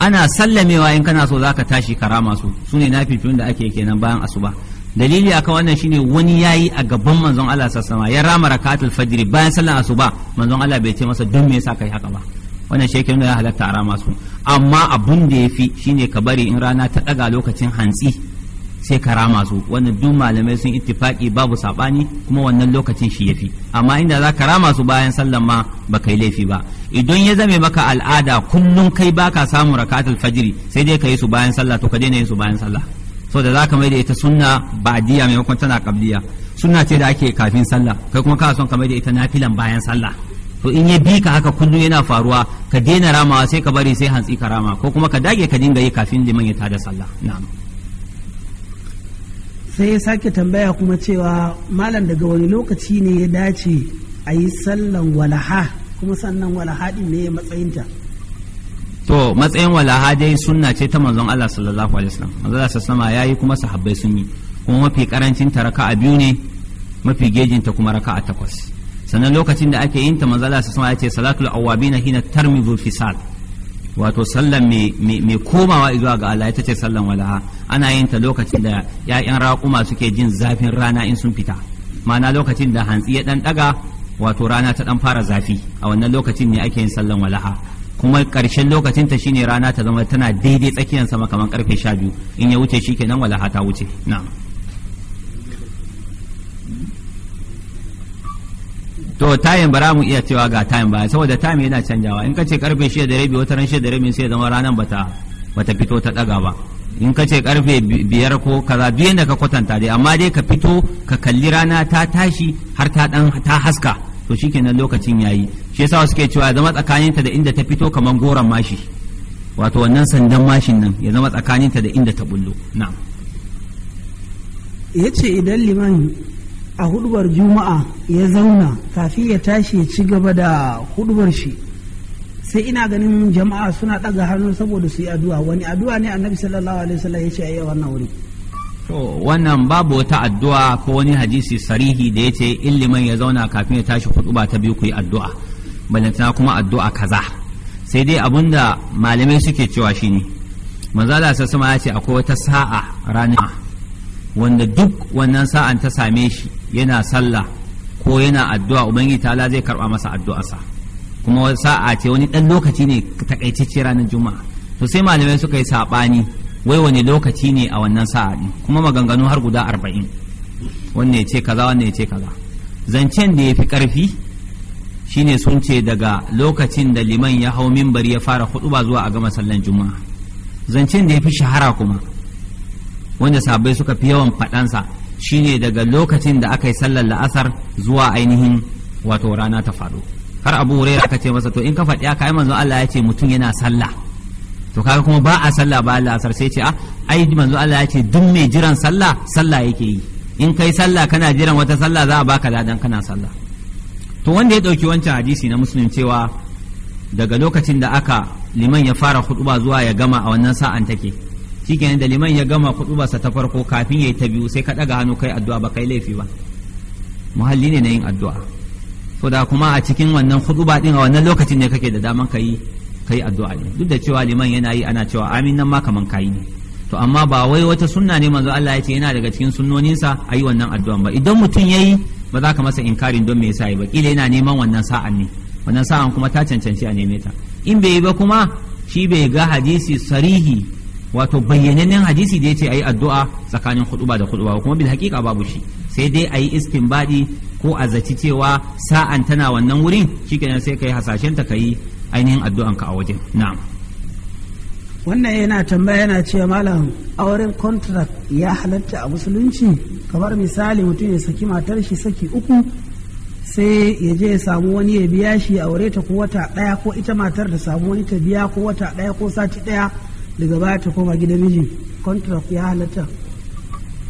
ana sallamewa in kana so zaka tashi karama su sune nafilun da ake kenan bayan asuba dalili akan wannan shine wani yayi a gaban manzon Allah sassama ya rama rakatul fajr bayan sallar asuba manzon Allah bai ce masa don me yasa kai haka ba wannan shi ya halatta a rama su amma abun da yafi shine ka bari in rana ta daga lokacin hantsi sai ka rama su wannan duk malamai sun ittifaki babu sabani kuma wannan lokacin shi yafi amma inda za ka rama su bayan sallan ma ba kai laifi ba idan ya zame maka al'ada kullum kai baka samu rakatul fajiri sai dai ka yi su bayan sallah to ka daina yin su bayan sallah so da za zaka mai da ita sunna ba'diya maimakon tana qabliya sunna ce da ake kafin sallah kai kuma ka son ka mai da ita na filan bayan sallah to in ya bi ka haka kullum yana faruwa ka daina ramawa sai ka bari sai hantsi ka rama ko kuma ka dage ka dinga yi kafin liman ya tada sallah na'am sai ya sake tambaya kuma cewa malam daga wani lokaci ne ya dace a yi sallan walaha kuma sannan walaha din ne matsayinta to matsayin walaha dai sunna ce ta manzon Allah sallallahu alaihi wasallam manzon Allah sallallahu yayi kuma sahabbai sun kuma mafi karancin ta raka'a biyu ne mafi gejin ta kuma raka'a takwas sannan lokacin da ake yin ta manzon Allah sallallahu alaihi wasallam ya ce salatul awabina hina tarmidhu fisal wato sallan mai komawa zuwa ga Allah ita ce sallan walaha ana yin ta lokacin da ‘ya'yan raƙuma suke jin zafin rana in sun fita mana lokacin da hantsi ya dan ɗaga wato rana ta ɗan fara zafi a wannan lokacin ne ake yin sallan walaha kuma ƙarshen lokacinta shine rana ta zama tana daidai tsakiyar sama kamar karfe sha biyu in ya wuce shikenan wala hata wuce na to tayin bara mu iya cewa ga tayin ba saboda tayin yana canjawa in ka ce karfe shida da rabi wata ran shida da rabi sai zama ranar bata bata fito ta daga ba in ka ce karfe biyar ko kaza biyan da ka kwatanta dai amma dai ka fito ka kalli rana ta tashi har ta dan ta haska to kenan lokacin yayi shi yasa suke cewa ya zama tsakaninta da inda ta fito kamar goron mashi wato wannan sandan mashin nan ya zama tsakanin ta da inda ta bullo na'am yace idan liman a hudubar juma'a ya zauna kafin ya tashi ya ci gaba da hudubar shi sai ina ganin jama'a suna ɗaga hannu saboda su yi addu'a wani addu'a ne annabi sallallahu alaihi wasallam ya ce a wannan wuri wannan babu wata addu'a ko wani hadisi sarihi da ya ce illiman ya zauna kafin ya tashi ba ta biyu ku yi addu'a balantana kuma addu'a kaza sai dai abinda malamai suke cewa shine manzala sai sama ya ce akwai wata sa'a ranar wanda duk wannan sa'an ta same shi yana sallah ko yana addu'a ubangiji ta zai karba masa addu'arsa kuma sa'a ce wani dan lokaci ne takaitacce ranar juma'a to sai malamai suka yi saɓani. wai wani lokaci ne a wannan sa'a din kuma maganganu har guda arba'in wanne ce kaza wanne ce kaza zancen da ya fi ƙarfi shine sun ce daga lokacin da liman ya hau mimbari ya fara ba zuwa a gama sallan juma'a zancen da ya fi shahara kuma wanda sabai suka fi yawan faɗansa shine daga lokacin da aka yi sallar la'asar zuwa ainihin wato rana ta faɗo har abu wurera aka ce masa to in ka faɗi aka yi manzo Allah ya ce mutum yana sallah to kaga kuma ba a sallah ba allah asar sai ce a ah, ai manzo Allah ya ce duk mai jiran sallah sallah yake yi in kai sallah kana jiran wata sallah za a baka ladan kana sallah to wanda ya dauki wancan hadisi na muslim cewa daga lokacin da aka liman ya fara huduba zuwa ya gama a wannan sa'an take shikenan da liman ya gama sa ta farko kafin yayi ta biyu sai ka daga hannu kai addu'a ba kai laifi ba muhalli ne na yin addu'a so da kuma a cikin wannan huduba din a wannan lokacin ne kake da daman ka yi kai addu'a ne duk da cewa liman yana yi ana cewa amin nan ma kaman kayi ne to amma ba wai wata sunna ne manzo Allah ya ce yana daga cikin sunnoninsa yi wannan addu'an ba idan mutum yayi ba za ka masa inkarin don me yasa yi ba kila yana neman wannan sa'an ne wannan sa'an kuma ta cancanci a neme ta in bai yi ba kuma shi bai ga hadisi sarihi wato bayyanannen hadisi da ya ce ayi addu'a tsakanin huduba da huduba kuma bil haqiqa babu shi sai dai a ayi istinbadi ko a zaci cewa sa'an tana wannan wurin shikenan sai ka yi hasashen ta ka yi. ainihin addu'anka a wajen na'am wannan yana tambaya yana cewa malam auren contract ya halatta a musulunci kamar misali mutum ya saki matar shi saki uku sai ya je ya samu wani ya biya shi ya aure ta ko wata daya ko ita matar da samu wani ta biya ko wata daya ko sati daya daga baya ta koma gidan miji contract ya halatta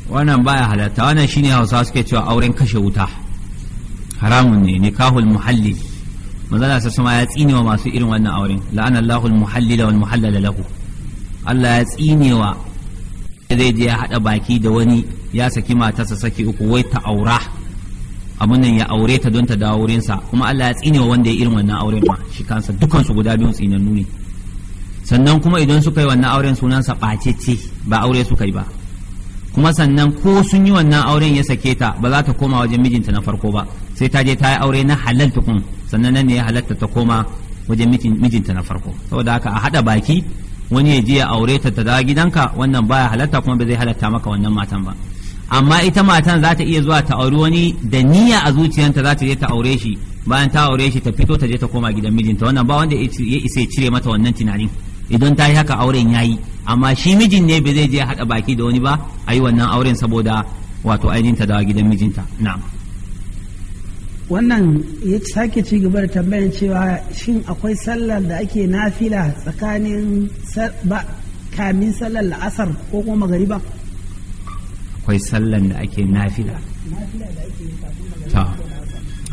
wannan baya halatta wannan shine hausa suke cewa auren kashe wuta haramun ne nikahul muhalli manzala sa sama ya tsine wa masu irin wannan auren la'ana Allahul muhallila wal muhallala lahu Allah ya tsine wa zai je ya hada baki da wani ya saki matarsa saki uku wai ta aura abun nan ya aure ta don ta dawo wurin sa kuma Allah ya tsine wa wanda ya irin wannan auren ma shi kansa dukan su guda biyun tsinannu ne sannan kuma idan suka yi wannan auren sunansa bacece ba aure suka yi ba kuma sannan ko sun yi wannan auren ya sake ta ba za ta koma wajen mijinta na farko ba sai ta je ta yi aure na halal tukun sannan nan ne ya halatta ta koma wajen mijinta na farko saboda haka a haɗa baki wani ya je ya aure ta ta dawo gidanka wannan baya halatta kuma ba zai halatta maka wannan matan ba amma ita matan za ta iya zuwa ta auri wani da niyya a zuciyanta za ta je ta aure shi bayan ta aure shi ta fito ta je ta koma gidan mijinta wannan ba wanda ya isa cire mata wannan tunanin idan ta yi haka auren yayi amma shi mijin ne ba zai je haɗa baki da wani ba a yi wannan auren saboda wato ainihin ta dawo gidan mijinta na'am wannan ya sake ci gaba da tambayan cewa shin akwai sallar da ake nafila tsakanin kamin sallar la'asar ko kuma magariba akwai sallar da ake nafila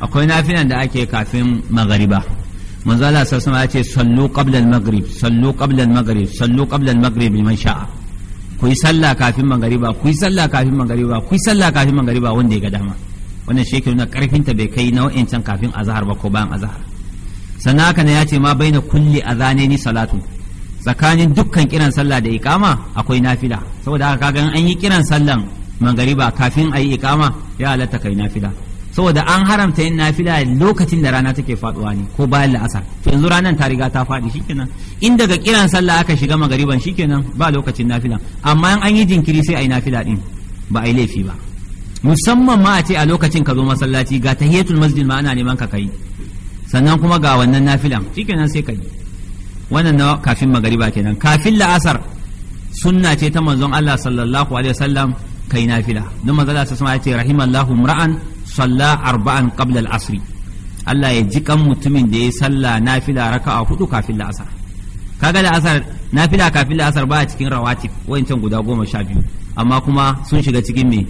akwai nafila da ake kafin magariba manzo Allah sallallahu alaihi wasallam ya ce sallu qabla al-maghrib sallu qabla maghrib sallu qabla maghrib liman sha'a ku yi sallah kafin magariba ku yi sallah kafin magariba ku yi sallah kafin magariba wanda ya ga dama wannan shi yake nuna ta bai kai na can kafin azahar ba ko bayan azhar sannan haka ne ya ce ma baina kulli azanaini salatu tsakanin dukkan kiran sallah da ikama akwai nafila saboda haka kaga an yi kiran sallan mangariba kafin a yi ikama ya halatta kai nafila saboda an haramta yin nafila lokacin da rana take faduwa ne ko bayan la'asar to yanzu ranar ta riga ta faɗi shikenan in daga kiran sallah aka shiga magariban shikenan ba lokacin nafila amma in an yi jinkiri sai a yi nafila din ba a yi laifi ba musamman ma a ce a lokacin ka zo masallaci ga tahiyatul masjid ma ana neman ka kai sannan kuma ga wannan nafilan shikenan sai kai wannan na kafin magariba kenan kafin la'asar sunna ce ta manzon Allah sallallahu alaihi wasallam kai nafila don manzon Allah sallallahu alaihi wasallam ya ce rahimallahu mura'an salla arba'an qabla al-asri Allah ya ji kan mutumin da ya salla nafila raka'a hudu kafin la'asar kaga la'asar nafila kafin la'asar ba a cikin rawatib wayancan guda goma sha biyu amma kuma sun shiga cikin me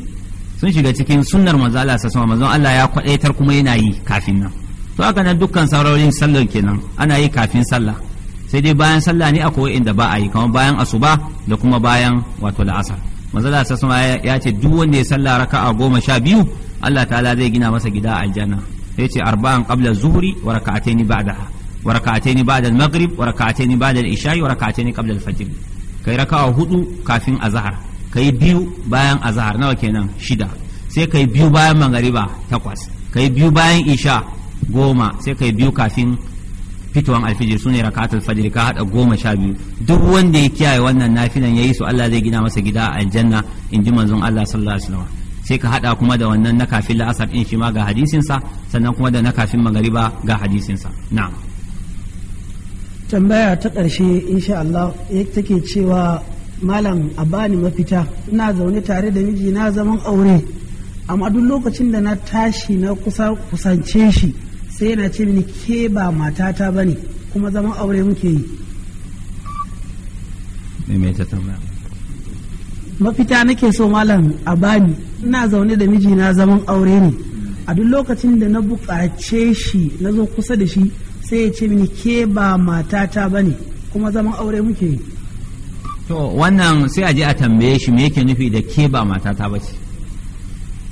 sun shiga cikin sunnar manzo Allah sa sama Allah ya kwadaitar kuma yana yi kafin nan to haka nan dukkan sauraron sallar kenan ana yi kafin sallah sai dai bayan sallah ne akwai inda ba a yi kamar bayan asuba da kuma bayan wato la'asar manzo sa sama ya ce duk wanda ya sallah raka'a goma sha biyu Allah ta'ala zai gina masa gida a aljanna sai ce arba'an qabla zuhri wa wa ba'da al-maghrib wa ba'da al-isha'i wa raka'ataini qabla al-fajr kai raka'a hudu kafin azhar kai biyu bayan azahar nawa kenan shida sai kai biyu bayan magariba takwas kai biyu bayan isha goma sai kai biyu kafin fitowar alfijir sune rakatul fajr ka hada goma sha biyu duk wanda ya kiyaye wannan ya yi su Allah zai gina masa gida a aljanna in ji manzon Allah sallallahu alaihi wasallam sai ka hada kuma da wannan na kafin la'asar din shi ga hadisin sannan kuma da na kafin magariba ga hadisin sa na'am tambaya ta karshe insha Allah take cewa malam a bani mafita ina zaune tare da miji na zaman aure amma duk lokacin da na tashi na kusa kusance shi sai yana ce mini ke ba matata ba ne kuma zaman aure muke yi mafita nake so malam a bani ina zaune da miji na zaman aure ne a duk lokacin da na buƙace shi na zo kusa da shi sai ya ce mini ke ba matata ba ne kuma zaman aure muke yi to wannan sai a je a tambaye shi me yake nufi da ke ba mata ta bace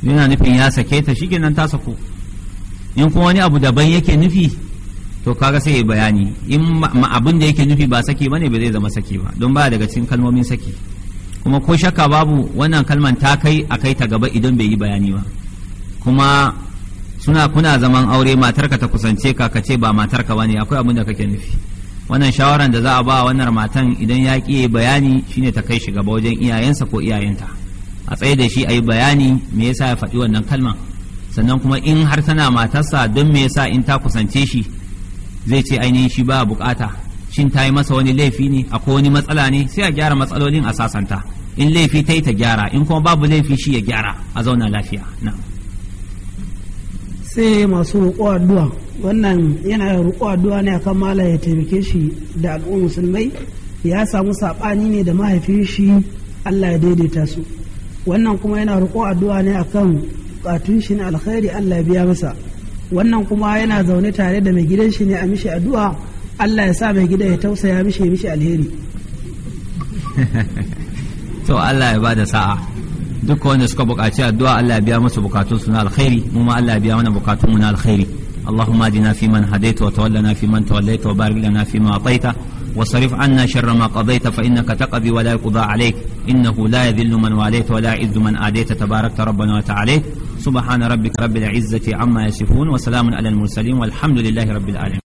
yana nufin ya sake ta shi kenan ta sako in kuma wani abu daban yake nufi to kaga sai ya bayani in abin da yake nufi ba saki bane ba zai zama saki ba don ba daga cikin kalmomin saki kuma ko shakka babu wannan kalman ta kai a kai ta gaba idan bai yi bayani ba kuma suna kuna zaman aure matarka ta kusance ka ka ce ba matarka bane akwai abin da kake nufi wannan shawaran da za a ba wannan matan idan ya ƙi bayani shine ta kai shi gaba wajen iyayensa ko iyayenta a tsaye da shi a yi bayani me yasa ya faɗi wannan kalman sannan kuma in har tana matarsa don me yasa in ta kusance shi zai ce ainihin shi ba bukata shin ta yi masa wani laifi ne akwai wani matsala ne sai a gyara matsalolin a sasanta in laifi ta yi ta gyara in kuma babu laifi shi ya gyara a zauna lafiya na'am sai masu roƙo addu'a wannan yana roƙo addu'a ne akan mala ya taimake shi da al'ummar musulmai ya samu saɓani ne da mahaifin shi Allah ya daidaita su wannan kuma yana roƙo addu'a ne akan bukatun shi na alkhairi Allah ya biya masa wannan kuma yana zaune tare da mai gidan shi ne a mishi addu'a Allah ya sa mai gida ya tausaya mishi mishi alheri to Allah ya bada sa'a duka wanda suka bukaci addu'a Allah ya biya masa bukatun su na alkhairi mu ma Allah ya biya mana bukatun mu na alkhairi Allahumma adina fi man hadaita wa tawallana fi man tawallaita wa barik lana fi ma ataita wa sarif anna sharra ma fa innaka ka wa la yuqda alayk innahu la yadhillu man walaita wa la yu'izzu man adaita tabaarakta rabbana wa ta'ala subhana rabbika rabbil izzati amma yasifun wa salamun alal mursalin walhamdulillahi rabbil alamin